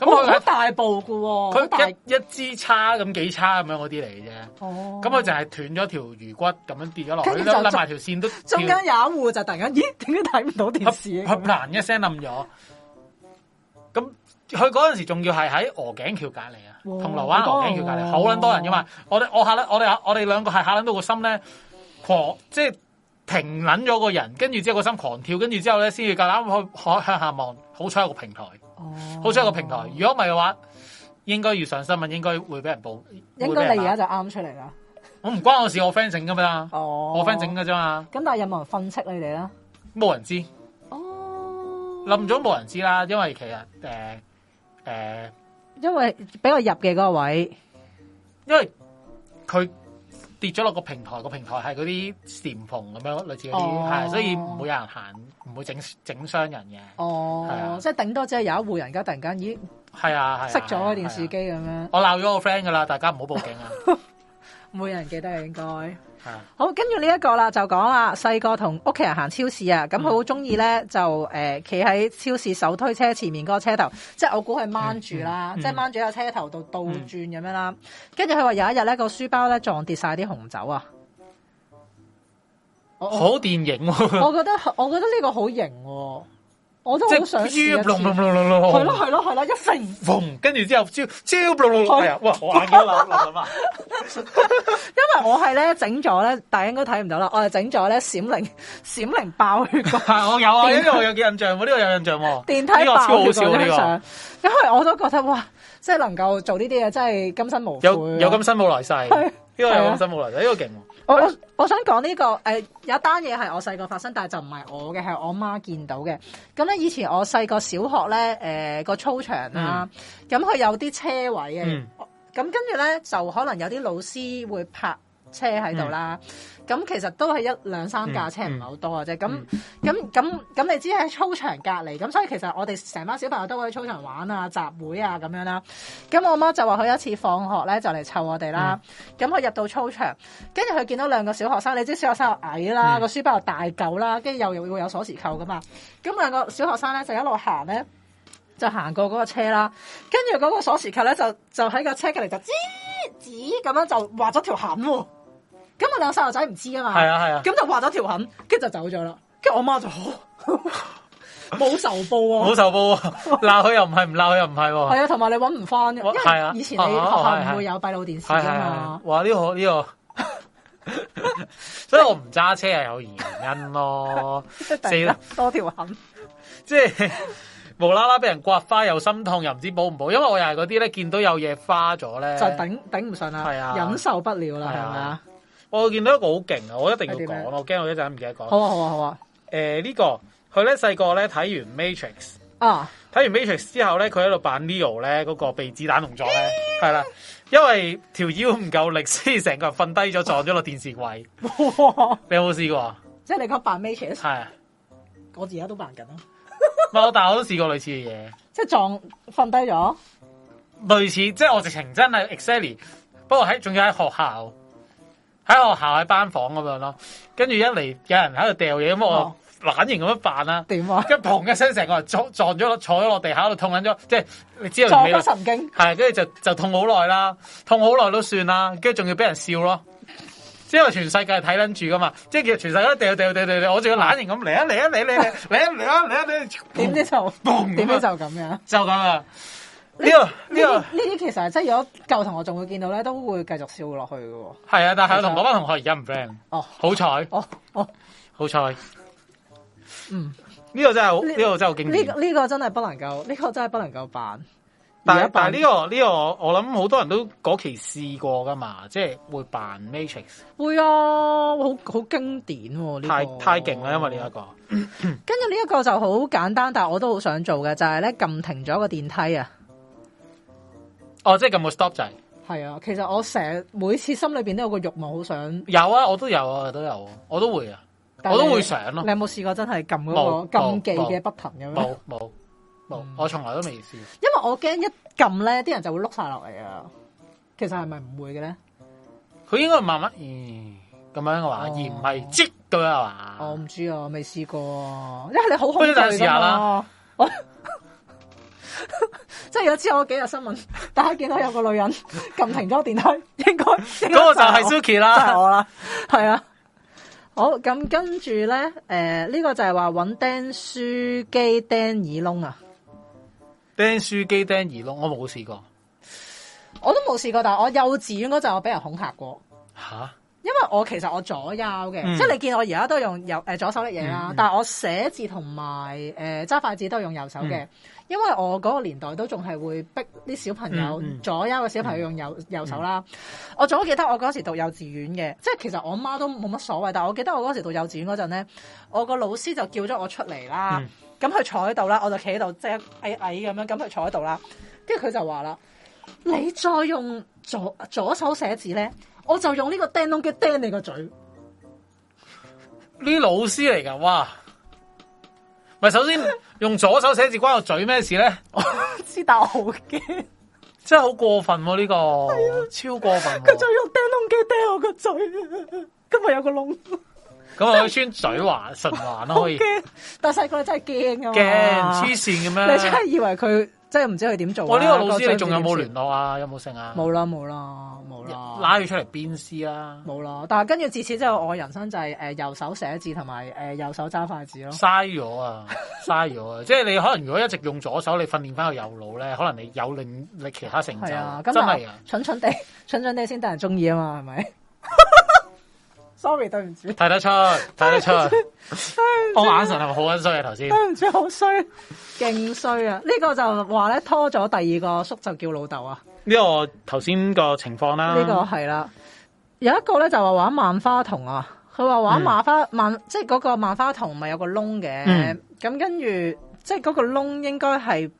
咁我好大步嘅喎、哦，佢一一支叉咁幾叉咁樣嗰啲嚟嘅啫，咁、哦、佢就係斷咗條魚骨咁樣跌咗落去，甩埋條線都中間有一戶就突然間咦點解睇唔到電視？咁砰一聲冧咗，咁佢嗰陣時仲要係喺鵝頸橋隔離、哦哦、啊，同銅鑼灣鵝頸橋隔離好撚多人嘅嘛，我哋我嚇咧，我哋我哋兩個係嚇撚到個心咧狂即係。停捻咗個人，跟住之後個心狂跳，跟住之後咧先至夠膽去向向下望，好彩有一個平台，oh. 好彩有一個平台。如果唔係嘅話，應該要上新聞，應該會俾人報。應該你而家就啱出嚟啦。 我唔關我事，我 friend 整噶嘛。Oh. 我 friend 整噶啫嘛。咁但係有冇人訓斥你哋啦？冇人知。哦。冧咗冇人知啦，因為其實誒誒、呃呃，因為俾我入嘅嗰個位，因為佢。跌咗落個平台，個平台係嗰啲蟬篷咁樣，類似嗰啲，係、oh. 所以唔會有人行，唔會整整傷人嘅。哦、oh.，係啊，即係頂多即係有一戶人家突然間，咦，係啊，係，熄咗電視機咁樣。我鬧咗個 friend 噶啦，大家唔好報警啊！ 冇人記得應該好，好跟住呢一個啦，就講啦細個同屋企人行超市啊，咁佢好中意咧就誒企喺超市手推車前面嗰個車頭，即係我估係掹住啦，即係掹住個車頭度倒轉咁、嗯、樣啦。跟住佢話有一日咧個書包咧撞跌晒啲紅酒啊！好電影、啊我，我覺得我覺得呢個好型喎。我都好想下，係咯，係咯，係咯，一成，跟住之後超超，哎呀，哇，玩嘢啦，因為我係咧整咗咧，大家應該睇唔到啦，我係整咗咧閃靈閃靈爆血個，我有啊，呢個有印象喎，呢個有印象喎，電梯爆血呢個，因為我都覺得哇，即係能夠做呢啲嘢，真係今生無，有有今生冇來世，呢個有今生冇來世，呢個勁。我我想講呢、這個誒，有一單嘢係我細個發生，但係就唔係我嘅，係我媽見到嘅。咁咧，以前我細個小學咧，誒、呃、個操場啦，咁、嗯、佢有啲車位嘅，咁跟住咧就可能有啲老師會泊車喺度啦。嗯嗯咁其實都係一兩三架車唔係好多嘅啫。咁咁咁咁，嗯嗯、你知喺操場隔離，咁所以其實我哋成班小朋友都會喺操場玩啊、集會啊咁樣啦。咁我媽就話佢有一次放學咧，就嚟湊我哋啦。咁、嗯、佢入到操場，跟住佢見到兩個小學生，你知小學生有矮啦，個、嗯、書包又大嚿啦，跟住又又會有鎖匙扣噶嘛。咁兩個小學生咧就一路行咧，就行過嗰個車啦。跟住嗰個鎖匙扣咧就就喺個車隔離就吱吱咁樣就畫咗條痕喎、喔。咁我兩細路仔唔知啊嘛，係啊係啊，咁、啊、就畫咗條痕，跟住就走咗啦。跟住我媽就冇仇報冇仇報啊！鬧佢又唔係唔鬧佢又唔係，係啊，同埋你搵唔翻，因為以前你學校唔會有閉路電視㗎嘛、啊啊啊啊啊啊。哇！呢個呢個，這個、 所以我唔揸車係有原因咯。死啦，多條痕，即係無啦啦俾人刮花又心痛又唔知補唔補，因為我又係嗰啲咧見到有嘢花咗咧就頂頂唔順啦，係啊，忍受不了啦，係咪啊？我見到一個好勁啊！我一定要講，我驚我一陣唔記得講。好啊，好啊，好啊！誒、呃，呢、這個佢咧細個咧睇完 Matrix 啊，睇完 Matrix 之後咧，佢喺度扮 Leo 咧，嗰個被子彈動作咧，係、嗯、啦，因為條腰唔夠力，所以成個人瞓低咗，撞咗落電視櫃。你有冇試過啊？即係你講扮 Matrix 係啊？我而家都在扮緊啦。唔 係，但我都試過類似嘅嘢。即係撞瞓低咗？類似，即係我直情真係 exactly。不過喺仲要喺學校。喺學校喺班房咁樣咯，跟住一嚟有人喺度掉嘢，咁我懶型咁樣扮啦。點、哦、啊？一砰一聲，成個撞撞咗落坐咗落地下，度痛緊咗，即係你知撞到神經係，跟住就就痛好耐啦，痛好耐都算啦，跟住仲要俾人笑咯。因為我全世界睇緊住噶嘛，即係全世界掉掉掉掉掉，我仲要懶型咁嚟啊嚟啊嚟嚟嚟嚟啊嚟啊嚟啊！點呢就砰？點呢就咁樣，樣？就咁啊！呢、這個呢、這個呢啲、這個、其實即係如果舊同學仲會見到咧，都會繼續笑落去嘅、哦。係啊，但係同嗰班同學而家唔 friend。哦，好彩。哦哦，好彩。嗯，呢、這個真係好，呢、嗯這個這個真係好經典。呢、這、呢、個這個真係不能夠，呢、這個真係不能夠扮。但係但係呢個呢個，這個、我諗好多人都嗰期試過噶嘛，即、就、係、是、會扮 Matrix。會啊，好好經典、哦這個。太太勁啦，因為呢、這、一個。跟住呢一個就好簡單，但我都好想做嘅就係、是、咧，撳停咗個電梯啊！哦，即係撳個 stop 掣。係啊，其實我成日每次心裏邊都有個欲望，好想有啊，我都有啊，都有啊，我都會啊，但我都會想咯、啊。你有冇試過真係撳嗰個忌嘅不停咁樣？冇冇冇，我從來都未試。因為我驚一撳咧，啲人就會碌晒落嚟。啊其實係咪唔會嘅咧？佢應該慢慢，咁、嗯、樣嘅話、哦，而唔係即到啊嘛？我、哦、唔知啊，我未試過，因為你好恐懼啊。 即 係有次我嗰幾日新聞，大家見到有個女人撳停咗電梯，應該嗰、那個就係 Suki 啦，就我啦，係啊。好，咁跟住咧，誒、呃，呢、這個就係話搵釘書機釘耳窿啊，釘書機釘耳窿，我冇試過，我都冇試過，但係我幼稚園嗰陣我俾人恐吓過，吓。因為我其實我左右嘅、嗯，即係你見我而家都用右、呃、左手搦嘢啦，但係我寫字同埋誒揸筷子都係用右手嘅、嗯。因為我嗰個年代都仲係會逼啲小朋友、嗯嗯、左右嘅小朋友用右、嗯嗯、右手啦。我早記得我嗰時讀幼稚園嘅，即係其實我媽都冇乜所謂，但係我記得我嗰時讀幼稚園嗰陣咧，我個老師就叫咗我出嚟啦。咁、嗯、佢坐喺度啦，我就企喺度即係矮矮咁樣，咁佢坐喺度啦，跟住佢就話啦：你再用左左手寫字咧。我就用呢個釘窿機釘你個嘴，呢老師嚟，噶哇！咪首先用左手寫字關個嘴咩事咧？ 我知道好驚，真係好過分喎、啊！呢、這個、啊，超過分、啊，佢就用釘窿機釘我個嘴，今日有個窿，咁可以穿嘴環唇環咯可以， 但係細個真係驚噶，驚黐線噉樣。你真係以為佢？即係唔知佢點做、啊。我、哦、呢、這個老師你仲、那個、有冇聯絡啊？有冇剩啊？冇啦，冇啦，冇啦。拉佢出嚟鞭屍啦。冇啦，但係跟住自此之後，我人生就係誒右手寫字同埋誒右手揸筷子咯。嘥咗啊！嘥咗，啊。即係你可能如果一直用左手，你訓練翻個右腦咧，可能你有令你其他成就。係啊，今日蠢蠢地，蠢蠢地先得人中意啊嘛，係咪 ？Sorry，對唔住。睇得出，睇得出。 得出 我眼神係咪好衰啊？頭先。對唔住，好衰。勁衰啊！呢、這個就話咧拖咗第二個叔，叔就叫老豆啊。呢、啊這個我頭先個情況啦。呢個係啦，有一個咧就話玩萬花筒啊，佢話玩萬花、嗯、萬，即係嗰個萬花筒咪有個窿嘅，咁、嗯、跟住即係嗰個窿應該係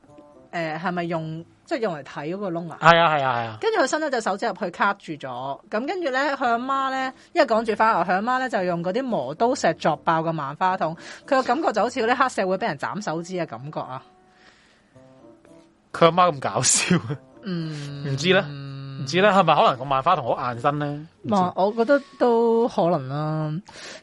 誒係咪用？即係用嚟睇嗰個窿啊！係啊係啊係啊！跟住佢伸咗隻手指入去卡住咗，咁跟住咧佢阿媽咧，因為趕住翻學，佢阿媽咧就用嗰啲磨刀石作爆個萬花筒，佢個感覺就好似啲黑社會俾人斬手指嘅感覺啊！佢阿媽咁搞笑啊！嗯，唔知咧，嗯，唔知咧，係咪可能個萬花筒好硬身咧？嗯、我覺得都可能啦、啊。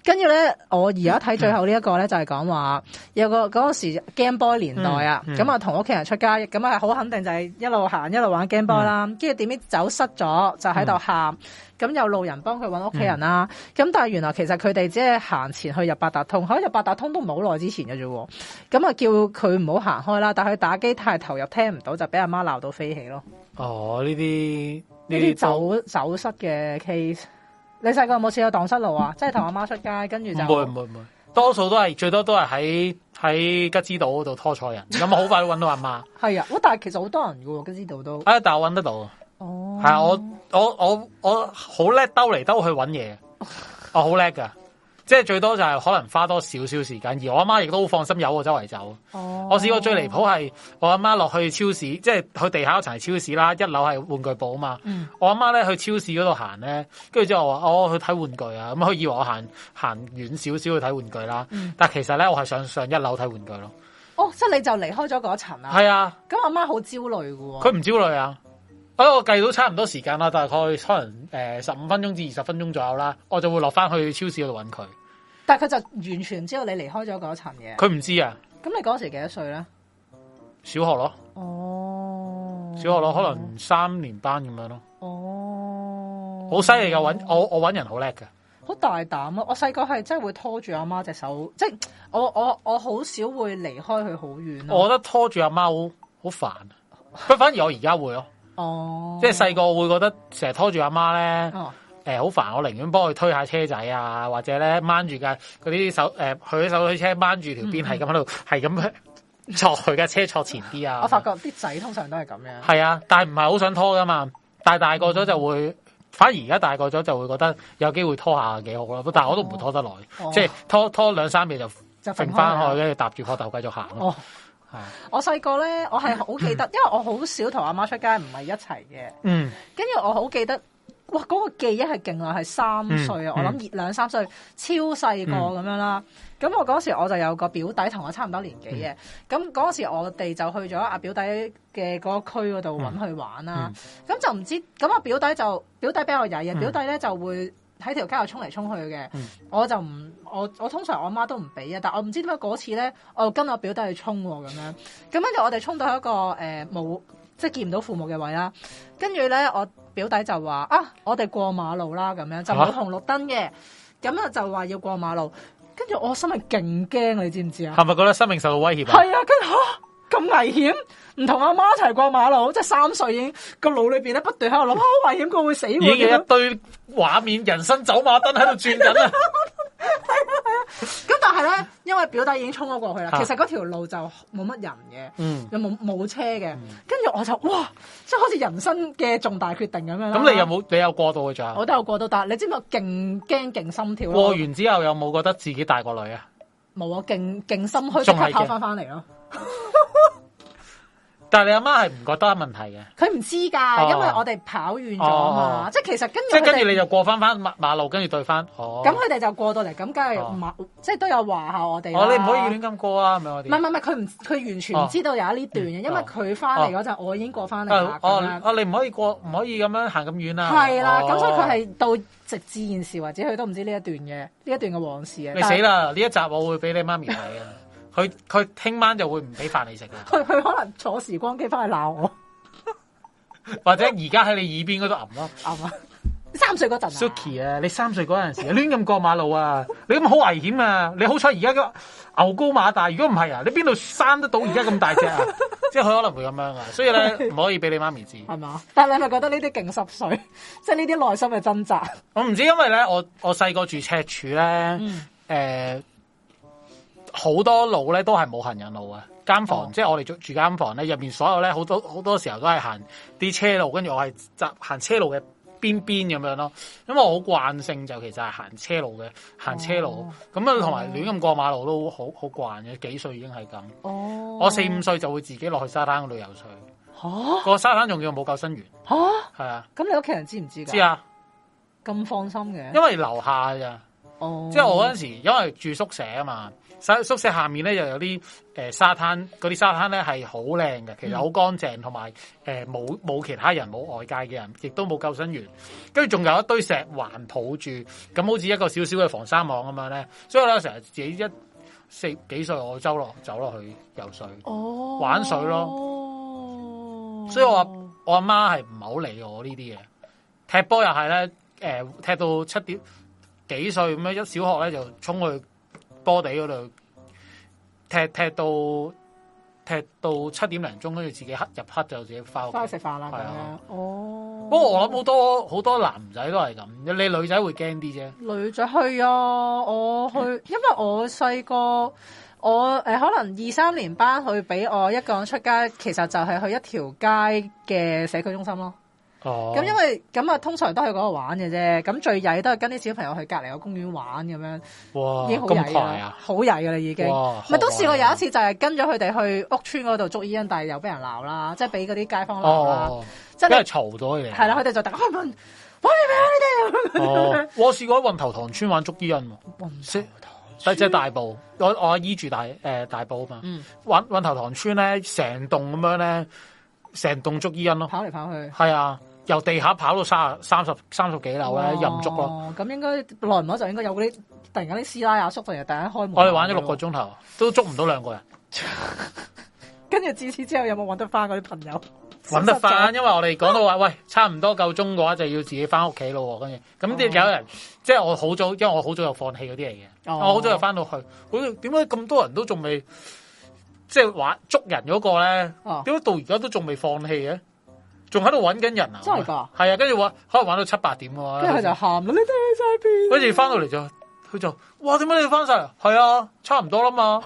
跟住咧，我而家睇最後呢一個咧，就係講話有個嗰陣時 Game Boy 年代啊，咁啊同屋企人出街，咁啊好肯定就係一路行一路玩 Game Boy 啦。跟住點知走失咗，就喺度喊。咁、嗯、有路人幫佢搵屋企人啦、啊。咁、嗯、但係原來其實佢哋只係行前去入八達通，可能入八達通都唔係好耐之前嘅啫。咁啊叫佢唔好行開啦，但係佢打機太投入聽唔到，就俾阿媽鬧到飛起咯。哦，呢啲。呢啲走走失嘅 case，你細個有冇試過蕩失路啊？即係同阿媽出街，跟住就唔會唔會唔會，多數都係最多都係喺喺吉之島度拖錯人，咁啊好快都搵到阿媽。係啊，但係其實好多人噶喎，吉之島都。啊、哎，但係我搵得到。哦，係啊，我我我我好叻兜嚟兜去搵嘢，我好叻噶。即係最多就係可能花多少少時間，而我阿媽亦都好放心，有我周圍走。Oh. 我試過最離譜係我阿媽落去超市，即係佢地下一層係超市啦，一樓係玩具部啊嘛。Mm. 我阿媽咧去超市嗰度行咧，跟住之後話我、哦、去睇玩具啊，咁佢以為我行行遠少少去睇玩具啦，mm. 但其實咧我係上上一樓睇玩具咯。哦、oh，即係你就離開咗嗰層啊？係啊，咁阿媽好焦慮噶喎。佢唔焦慮啊？哎、我計到差唔多時間啦，大概可能誒十五分鐘至二十分鐘左右啦，我就會落翻去超市嗰度揾佢。但係佢就完全唔知道你離開咗嗰層嘢。佢唔知啊？咁你嗰時幾多歲咧？小學咯。哦。小學咯，可能三年班咁樣咯。哦。好犀利噶！我我揾人好叻㗎，好大膽咯！我細個係真係會拖住阿媽隻手，即係我我我好少會離開佢好遠。我覺得拖住阿媽好好煩，佢 反而我而家會咯。哦，即係細個會覺得成日拖住阿媽咧，誒好煩，呃、煩我寧願幫佢推下車仔啊，或者咧掹住架佢啲手，誒、呃、佢手推車掹住條邊，係咁喺度，係咁坐佢架車坐前啲啊！我發覺啲仔通常都係咁樣，係啊，但係唔係好想拖噶嘛，但係大個咗就會，嗯、反而而家大個咗就會覺得有機會拖下幾好咯，但係我都唔會拖得耐，哦，即係拖拖、拖、拖拖兩三秒就揈翻去跟住搭住個頭繼續行咯。哦我細個咧，我係好記得，因為我好少同阿媽出街，唔係一齊嘅。嗯，跟住我好記得，哇，嗰、嗰個記憶係勁啊，係三歲啊、嗯嗯，我諗二兩三歲，超細個咁樣啦。咁、嗯、我嗰時我就有個表弟同我差唔多年紀嘅，咁、嗯、嗰時我哋就去咗阿表弟嘅嗰個區嗰度搵佢玩啦。咁、嗯嗯、就唔知，咁阿表弟就表弟比我曳嘅，表弟咧就會。喺條街度衝嚟衝去嘅、嗯，我就唔我我通常我媽都唔俾啊，但我唔知點解嗰次咧，我跟我表弟去衝咁樣，咁跟住我哋衝到一個誒冇、呃、即係見唔到父母嘅位啦，跟住咧我表弟就話啊我哋過馬路啦咁樣，樣就冇紅綠燈嘅，咁啊就話要過馬路，跟住我心係勁驚你知唔知啊？係咪覺得生命受到威脅？係啊，跟住、啊。啊咁危險，唔同阿媽一齊過馬路，即係三歲已經個腦裏邊咧不斷喺度諗，好危險，佢會死。已經一堆畫面， 人生走馬燈喺度轉緊啦。係啊係啊，咁但係咧，因為表弟已經沖咗過去啦、啊。其實嗰條路就冇乜人嘅、嗯，又冇冇車嘅。跟、嗯、住我就哇，即係好似人生嘅重大決定咁樣。咁你有冇？你有過到嘅咋？我都有過到，但係你知唔知我勁驚勁心跳？過完之後有冇覺得自己大個女啊？冇啊，勁勁心虛，即刻跑翻翻嚟咯。 但係你阿媽係唔覺得問題嘅，佢唔知噶、哦，因為我哋跑遠咗嘛，即係其實跟住，即跟住你就過翻翻馬馬路，跟住對翻，咁佢哋就過到嚟，咁梗係即係都有話下我哋、哦，你唔可以亂咁過啊，唔係我哋，唔唔唔，佢唔佢完全唔知道、哦、有呢段嘅、嗯，因為佢翻嚟嗰陣，我已經過翻嚟啦，哦、啊啊啊，你唔可以過，唔可以咁樣行咁遠啊，係啦，咁、哦、所以佢係到直至現時或者佢都唔知呢一段嘅，呢、哦、一段嘅往事啊，你死啦，呢一集我會俾你媽咪睇啊。 佢佢聽晚就會唔俾飯你食啦。佢佢可能坐時光機翻去鬧我，或者而家喺你耳邊嗰度吟咯。吟啊！三歲嗰陣啊，Suki 啊，你三歲嗰陣時亂咁過馬路啊，你咁好危險啊！你好彩而家個牛高馬大，如果唔係啊，你邊度生得到而家咁大隻啊？即係佢可能會咁樣啊，所以咧唔可以俾你媽咪知，係嘛？但係你係咪覺得呢啲勁濕水？即係呢啲內心嘅掙扎。我唔知，因為咧我我細個住赤柱咧，誒、呃。嗯好多路咧都係冇行人路啊！間房，哦，即係我哋住住間房咧，入面所有咧好多好多時候都係行啲車路，跟住我係行車路嘅邊邊咁樣咯。因為我好慣性就其實係行車路嘅，行車路咁啊，同，哦、埋亂咁過馬路都好好慣嘅。幾歲已經係咁？哦，我四五歲就會自己落去沙灘嗰度游水。嚇、啊！個沙灘仲要冇救生員。吓？係啊！咁、啊，你屋企人知唔知㗎？知啊！咁放心嘅，啊，因為樓下咋？哦！即係我嗰時，因為住宿舍啊嘛。宿舍下面咧又有啲沙灘，嗰啲沙灘咧係好靚嘅，其實好乾淨，同埋冇冇其他人，冇外界嘅人，亦都冇救生員。跟住仲有一堆石環抱住，咁好似一個小小嘅防沙網咁樣咧。所以我咧，成日自己一四幾歲，我周落走落去游水，oh. 玩水咯。所以我我阿媽係唔係好理我呢啲嘢。踢波又係咧，踢到七點幾歲咁樣，一小學咧就衝去。波地嗰度踢踢到踢到七點零鐘，跟住自己黑入黑就自己翻翻去食飯啦，係啊。哦，不過我諗好多好、哦、多男仔都係咁，你女仔會驚啲啫。女仔去啊，我去，因為我細個我誒、呃，可能二三年班去俾我一個人出街，其實就係去一條街嘅社區中心咯。咁、哦、因為咁啊，通常都去嗰度玩嘅啫。咁最曳都係跟啲小朋友去隔籬個公園玩咁樣。哇，已經好曳啊，好曳噶啦已經。咪、啊、都試過有一次就係跟咗佢哋去屋村嗰度捉伊人，但係又俾人鬧啦，即係俾嗰啲街坊鬧啦、哦哦哦。即係嘈咗佢哋。係啦、啊，佢哋、啊、就突然，我哋咩你哋。哦，我試過喺運頭塘村玩捉伊人。運色，即係大埔。我我阿姨住大誒、呃、大埔嘛。嗯。運頭塘村咧，成棟咁樣咧，成棟捉伊人咯，跑嚟跑去。係啊。由地下跑到三三十三十幾樓咧，又唔捉咯。咁應該耐唔耐就應該有嗰啲突然間啲師奶阿叔突然間開門我。我哋玩咗六個鐘頭，都捉唔到兩個人。跟 住自此之後，有冇搵得翻嗰啲朋友？搵得翻，因為我哋講到話， 喂，差唔多夠鐘嘅話，就要自己翻屋企咯。跟住，咁啲有人，哦、即係我好早，因為我好早又放棄嗰啲嚟嘅。我好早又翻到去，我點解咁多人都仲未，即係玩捉人嗰個咧？點點解到而家都仲未放棄嘅？仲喺度揾緊人啊！真係噶，係啊，跟住玩，可能玩到七八點。跟住佢就喊你哋去晒邊。跟住翻到嚟就，佢就，哇！點解你要翻曬嚟？係啊，差唔多啦嘛，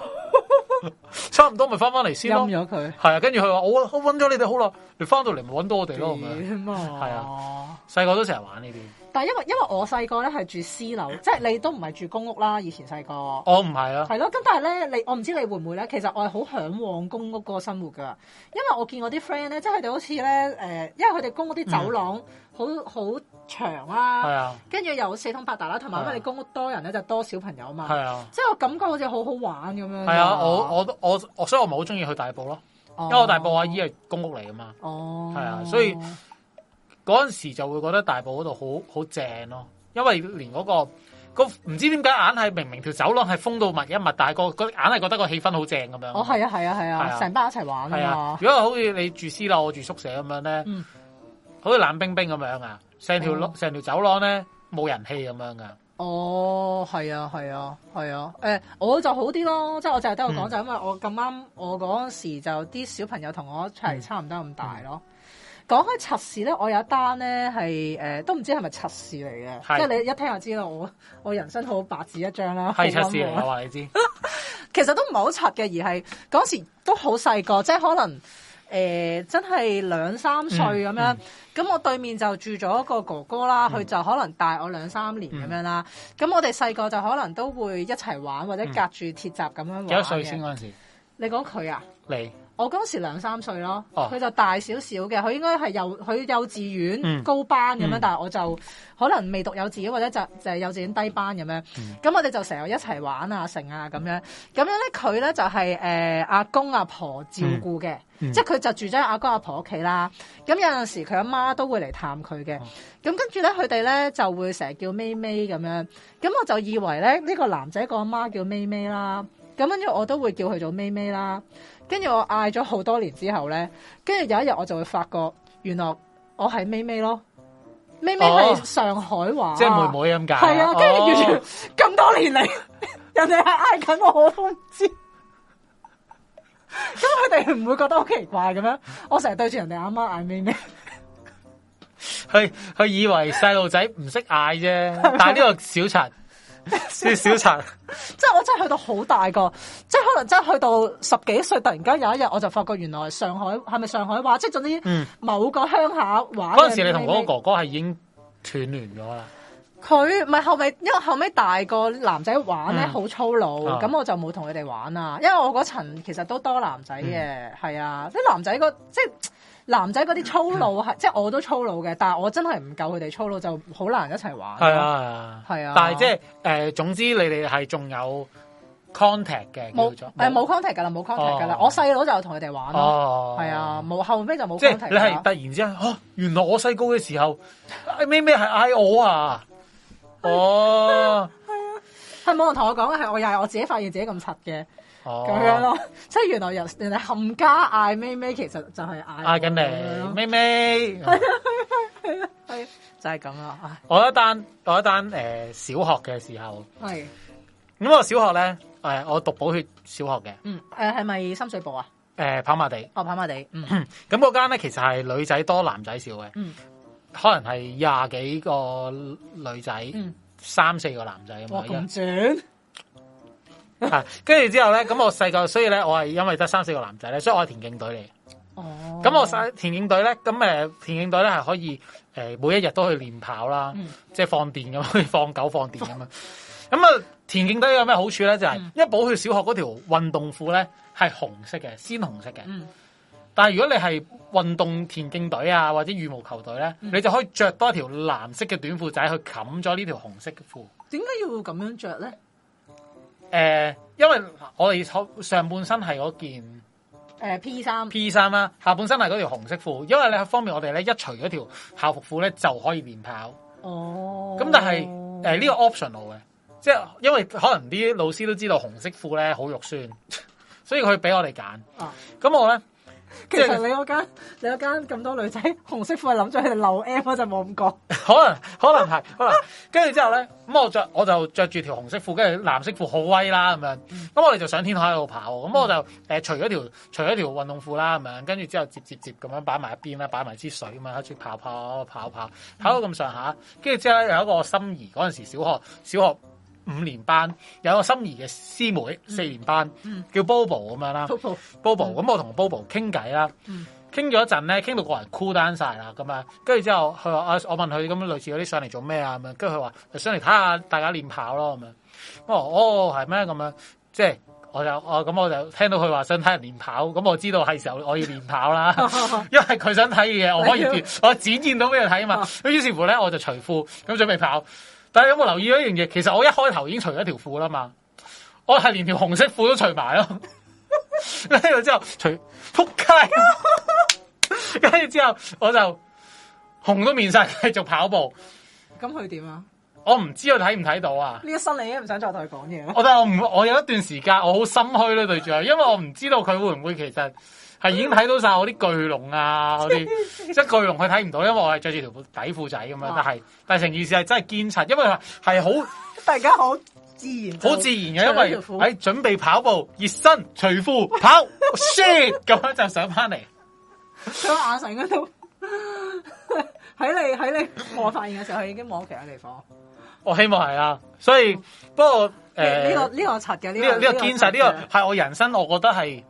差唔多咪翻翻嚟先咯。陰咗佢。係 啊，跟住佢話，我我揾咗你哋好啦，你翻到嚟咪揾到我哋咯，咁樣！係啊，細個都成日玩呢啲。但係因為因為我細個咧係住私樓，即係你都唔係住公屋啦。以前細個，我唔係啊啦，係咯。咁但係咧，你我唔知你會唔會咧。其實我係好嚮往公屋個生活噶，因為我見我啲 friend 咧，即係佢哋好似咧，誒、呃，因為佢哋公屋啲走廊好好、嗯、長啦，係啊，跟住又四通八達啦，同埋因為你公屋多人咧、啊、就多小朋友嘛，係啊，即係我感覺好似好好玩咁樣。係啊，我我我我，所以我唔係好中意去大埔咯，哦、因為我大埔阿姨係公屋嚟噶嘛，哦，係啊，所以。嗰陣時就會覺得大埔嗰度好好正咯、啊，因為連嗰、那個唔知點解硬係明明條走廊係封到密一密，但係個個硬係覺得個氣氛好正咁、啊、樣。哦，係啊，係啊，係啊，成、啊、班一齊玩啊，啊如果好似你住私樓，我住宿舍咁樣咧、嗯，好似冷冰冰咁樣啊！成條成條、嗯、走廊咧冇人氣咁樣噶。哦，係啊，係啊，係啊，是啊、欸。我就好啲咯，即係我就係得個講就因為我咁啱，我嗰陣時就啲小朋友同我一齊差唔多咁大咯。嗯嗯講開測試咧，我有一單咧係誒，都唔知係咪測試嚟嘅，即係你一聽就知道我我人生好白紙一張啦，係測試嚟我話你知 。其實都唔係好測嘅，而係嗰時都好細個，即係可能誒、呃、真係兩三歲咁樣。咁、嗯嗯、我對面就住咗一個哥哥啦，佢就可能大我兩三年咁樣啦。咁、嗯嗯、我哋細個就可能都會一齊玩或者隔住鐵閘咁樣玩。幾多歲先嗰陣時？你講佢啊？你。我嗰時兩三歲咯，佢就大少少嘅，佢應該係幼佢幼稚園高班咁樣、嗯嗯，但我就可能未讀幼稚園或者就就係幼稚園低班咁樣。咁、嗯、我哋就成日一齊玩啊，成啊咁樣。咁樣咧、就係，佢咧就係誒阿公阿婆照顧嘅、嗯嗯，即係佢就住咗阿公阿婆屋企啦。咁有陣時佢阿媽，媽都會嚟探佢嘅。咁跟住咧，佢哋咧就會成日叫妹妹咁樣。咁我就以為咧呢、呢個男仔個阿媽叫妹妹啦。咁跟住我都會叫佢做妹妹啦。跟住我嗌咗好多年之後咧，跟住有一日我就會發覺，原來我係咪咪咯，咪咪係上海話、哦，即係妹妹咁解，係啊，跟住完全咁多年嚟，人哋係嗌緊我，我都唔知。咁佢哋唔會覺得好奇怪咁樣，我成日對住人哋阿媽嗌咪咪，佢佢 以為細路仔唔識嗌啫，但係呢個小陳。 小塵，即係我真係去到好大個，即、就、係、是、可能真係去到十幾歲，突然間有一日我就發覺原來上海係咪上海話、嗯、即係總之，某個鄉下玩的咪咪。嗰陣時你同嗰個哥哥係已經斷聯咗啦。佢咪後尾，因為後尾大個男仔玩咧好粗魯，咁、嗯、我就冇同佢哋玩啦。因為我嗰層其實都多男仔嘅，係、嗯、啊，啲男仔個即係。男仔嗰啲粗魯係， 即係我都粗魯嘅，但係我真係唔夠佢哋粗魯，就好難一齊玩。係啊，係啊，係啊。但係即係誒、呃，總之你哋係仲有 contact 嘅冇咗，冇、哎、contact 㗎啦，冇 contact 㗎啦、哦。我細佬就有同佢哋玩咯，係、哦、啊，冇後尾就冇 contact。你係突然之間嚇、啊，原來我細高細個嘅時候，咩咩係嗌我啊？哦，係啊，係 冇、啊、人同我講嘅，係我又係我自己發現自己咁柒嘅。咁、哦、樣咯，即係原來人哋冚家嗌咩咩，其實就係嗌緊你咩咩，係係係就係咁啦，我一單我一單誒、呃，小學嘅時候係咁，我小學咧誒，我讀寶血小學嘅，嗯誒係咪深水埗啊？誒、呃、跑馬地哦跑馬地，嗯咁嗰間咧其實係女仔多男仔少嘅，嗯可能係廿幾個女仔，嗯，三四個男仔啊咁轉。跟 住之後咧，咁我細個，所以咧，我係因為得三四個男仔咧，所以我係田徑隊嚟。哦。咁我細田徑隊咧，咁誒，田徑隊咧係可以誒，每一日都去練跑啦，mm. 即係放電咁可以放狗放電咁啊。咁啊，田徑隊有咩好處咧？就係、是、一保去小學嗰條運動褲咧係紅色嘅，鮮紅色嘅。Mm. 但係如果你係運動田徑隊啊，或者羽毛球隊咧，mm. 你就可以着多條藍色嘅短褲仔去冚咗呢條紅色嘅褲。點解要咁樣着咧？誒，因為我哋上半身係嗰件誒 P 衫，P 衫啦，下半身係嗰條紅色褲，因為咧方便，我哋咧一除咗條校服褲咧就可以練跑。哦、oh.，咁但係誒呢個 optional 嘅，即係因為可能啲老師都知道紅色褲咧好肉酸，所以佢俾我哋揀。啊，咁我咧。其實你嗰間，你嗰間咁多女仔紅色褲係諗住係留 M 就冇咁覺，可能 可能係，可能跟住之後咧，咁我着我就着住條紅色褲，跟住藍色褲好威啦咁樣，咁我哋就上天台喺度跑，咁，嗯嗯，我就誒除咗條除咗條運動褲啦咁樣，跟住之後接接接咁樣擺埋一邊啦，擺埋支水咁樣喺度跑跑跑跑，跑到咁上下，跟住之後咧，有一個心儀嗰陣時小學小學。五年班有一個心儀嘅師妹，四年班、嗯、叫 Bobo 咁樣啦。Bobo，咁我同 Bobo 傾偈啦，傾、嗯、咗一陣咧，傾到個人 cool down 晒啦咁樣。跟住之後佢話，啊，我問佢咁類似嗰啲上嚟做咩啊咁樣。跟住佢話，上嚟睇下大家練跑咯咁樣。我，哦，係咩？咁樣，即係我就，我咁，我就聽到佢話想睇人練跑，咁我知道係時候我要練跑啦。 因為佢想睇嘢，我可以 我展現到俾佢睇啊嘛。咁 於是乎咧，我就除褲咁準備跑。但係有冇留意到一樣嘢？其實我一開頭已經除咗條褲啦嘛，我係連條紅色褲都除埋咯。跟 住 之後除撲街，跟住 之後我就紅都面晒，繼續跑步。咁佢點啊？我唔知道佢睇唔睇到啊？呢個心理嘅唔想再同佢講嘢我但我唔我有一段時間我好心虛咯，對住佢，因為我唔知道佢會唔會其實。係已經睇到晒我啲巨龍啊！啲即係巨龍，佢睇唔到，因為我係着住條底褲仔咁樣、啊。但係但係，成件事係真係堅察，因為係好突然間好自然，好自然嘅。因為喺、哎、準備跑步、熱身、除褲、跑、shit 咁樣就上翻嚟。佢眼神嗰度，喺 你喺你我發現嘅時候，佢已經冇其他地方。我希望係啊，所以、嗯、不過誒、呢、這個呢、呃這個柒嘅呢個呢個堅持、呢、這個係我人生，我覺得係。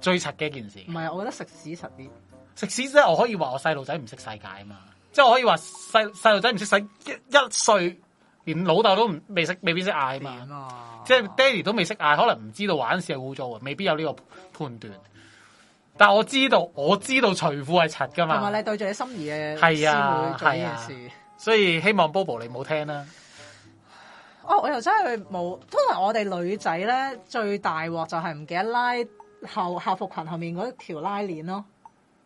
最柒嘅一件事，唔係，我覺得食屎柒啲。食屎即係我可以話我細路仔唔識世界啊嘛，即係我可以話細細路仔唔識細一歲，連老豆都唔未識，未必識嗌啊，即係爹哋都未識嗌，可能唔知道玩事係污糟啊，未必有呢個判斷。但係我知道，我知道除褲係柒噶嘛。同埋你對住你心儀嘅師妹、啊、做呢件事、啊，所以希望 Bobo 你冇聽啦。哦，我又真係冇。通常我哋女仔咧最大鑊就係唔記得拉。校校服裙後面嗰條拉鏈咯，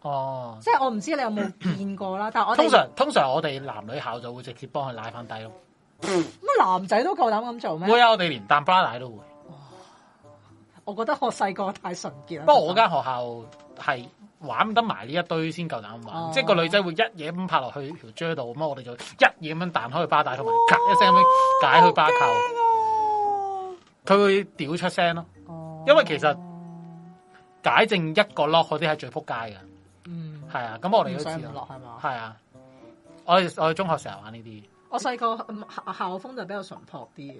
哦，即係我唔知你有冇見過啦， 但係我通常通常我哋男女校就會直接幫佢拉翻低咯。咁男仔都夠膽咁做咩？會啊，我哋連彈巴帶都會。我覺得我細個太純潔。不過我間學校係玩得埋呢一堆先夠膽玩，哦、即係個女仔會一嘢咁拍落去條脊度，咁我哋就一嘢咁樣彈開去巴帶，同埋咔一聲咁樣解佢巴扣。佢、哦、會屌出聲咯。哦、因為其實。解正一個 lock 嗰啲係最撲街㗎，嗯，係啊，咁我哋都知啊，係啊，我哋，我哋中學成日玩呢啲，我細個校校風就比較淳樸啲嘅。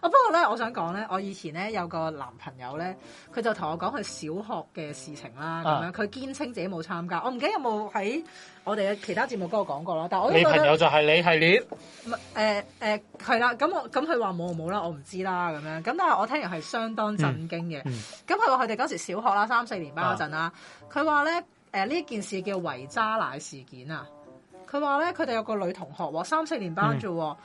啊！不過咧，我想講咧，我以前咧有個男朋友咧，佢就同我講佢小學嘅事情啦，咁樣佢、啊、堅稱自己冇參加。我唔記得有冇喺我哋嘅其他節目嗰度講過啦。但係我女朋友就係你系列。唔係，誒誒，係啦，咁我咁佢話冇冇啦，我唔知啦咁樣。咁但係我聽完係相當震驚嘅。咁佢話佢哋嗰時小學啦，三四年班嗰陣啦，佢話咧誒，呢件事叫維渣奶事件啊，佢話咧佢哋有個女同學喎，三四年班啫喎。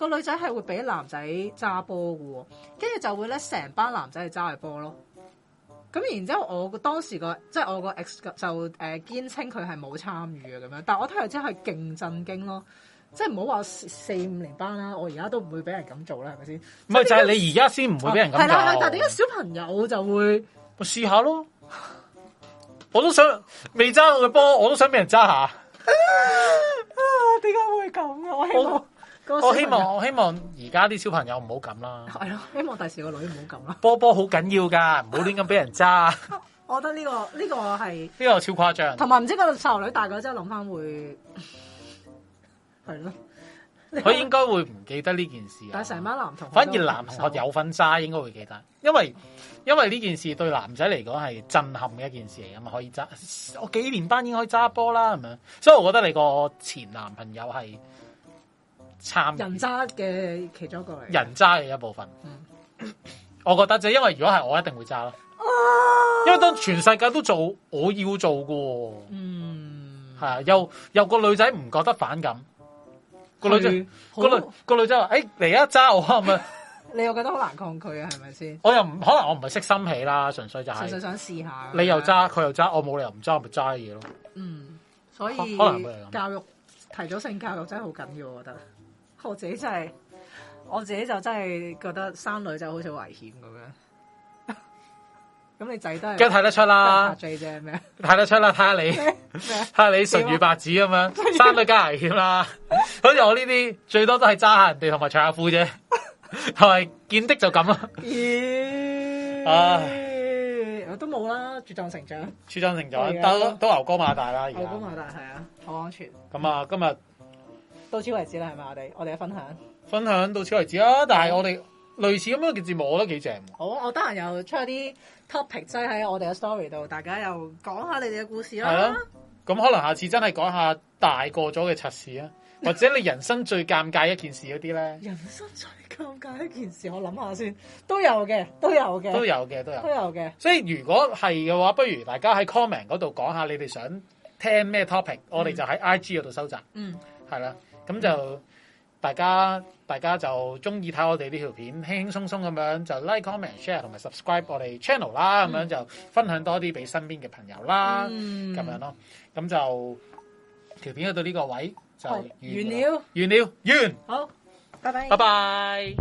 個女仔係會俾男仔揸波嘅，跟住就會咧成班男仔去揸佢波咯。咁然之後，我當時個即係我個 ex 就誒堅稱佢係冇參與啊咁樣，但係我睇嚟真係勁震驚咯。即係唔好話四,四五年班啦，我而家都唔會俾人咁做啦，係咪先？唔係就係你而家先唔會俾人咁做。但係點解小朋友就會？我試下咯，我都想未揸到嘅波，我都想俾人揸下 啊。啊！點解會咁啊？我希望我那個、我希望我希望而家啲小朋友唔好咁啦，係咯，希望第時個女唔好咁啦。波波好緊要噶，唔好亂咁俾人揸。 我覺得呢、這個呢、這個係呢、這個超誇張。同埋唔知個細路女大個之後諗翻會係咯，佢 應該會唔記得呢件事。但係成班男同學反而男同學有份揸，應該會記得，因為因為呢件事對男仔嚟講係震撼嘅一件事嚟噶嘛，可以揸我幾年班已經可以揸波啦，係咪？所以我覺得你個前男朋友係。人渣嘅其中一個嚟，人渣嘅一部分。嗯、 我覺得就因為如果係我一定會揸咯、啊，因為當全世界都做，我要做噶。嗯，係啊，又又個女仔唔覺得反感，個女仔個女個女仔話，誒嚟一揸我咪，我可 你又覺得好難抗拒啊？係咪先？我又唔可能我唔係識，我唔係識心起啦，純粹就係、是、純粹想試下。你又揸，佢又揸，我冇理由唔揸咪揸啲嘢咯。嗯，所以可能教育提早性教育真係好緊要，我覺得。我自己真、就、係、是，我自己就真係覺得生女就好似危險咁樣。咁 你仔都係，梗係睇得出啦。最正咩？睇得出啦，睇下你，睇下你純如白紙咁樣，生女加危險啦。好 似我呢啲，最多都係揸下人哋同埋扯下褲啫，係 咪見的就咁啊？咦，唉，我都冇啦，茁壯成長，茁壯成長，都都牛高馬大啦，而家牛高馬大係啊，好安全。咁啊，今日。到此為止啦，係咪？我哋我哋嘅分享，分享到此為止啦。但係我哋類似咁樣嘅節目也挺的，我覺得幾正。我我得閒又出一啲 topic，即係喺我哋嘅 story 度，大家又講下你哋嘅故事啦。係啦。咁可能下次真係講下大個咗嘅測試啊，或者你人生最尷尬一件事嗰啲咧？ 人生最尷尬一件事，我諗下先，都有嘅，都有嘅，都有嘅，都有嘅。所以如果係嘅話，不如大家喺 comment 嗰度講下你哋想聽咩 topic，嗯、我哋就喺 IG 嗰度收集。嗯，係啦。咁就大家，大家就鍾意睇我哋呢條片，輕輕鬆鬆咁樣就 like、comment、share 同埋 subscribe 我哋 channel 啦，咁樣就分享多啲俾身邊嘅朋友啦，咁樣咯。咁就條片去到呢個位就完，完了，完了，完，好，拜拜，拜拜。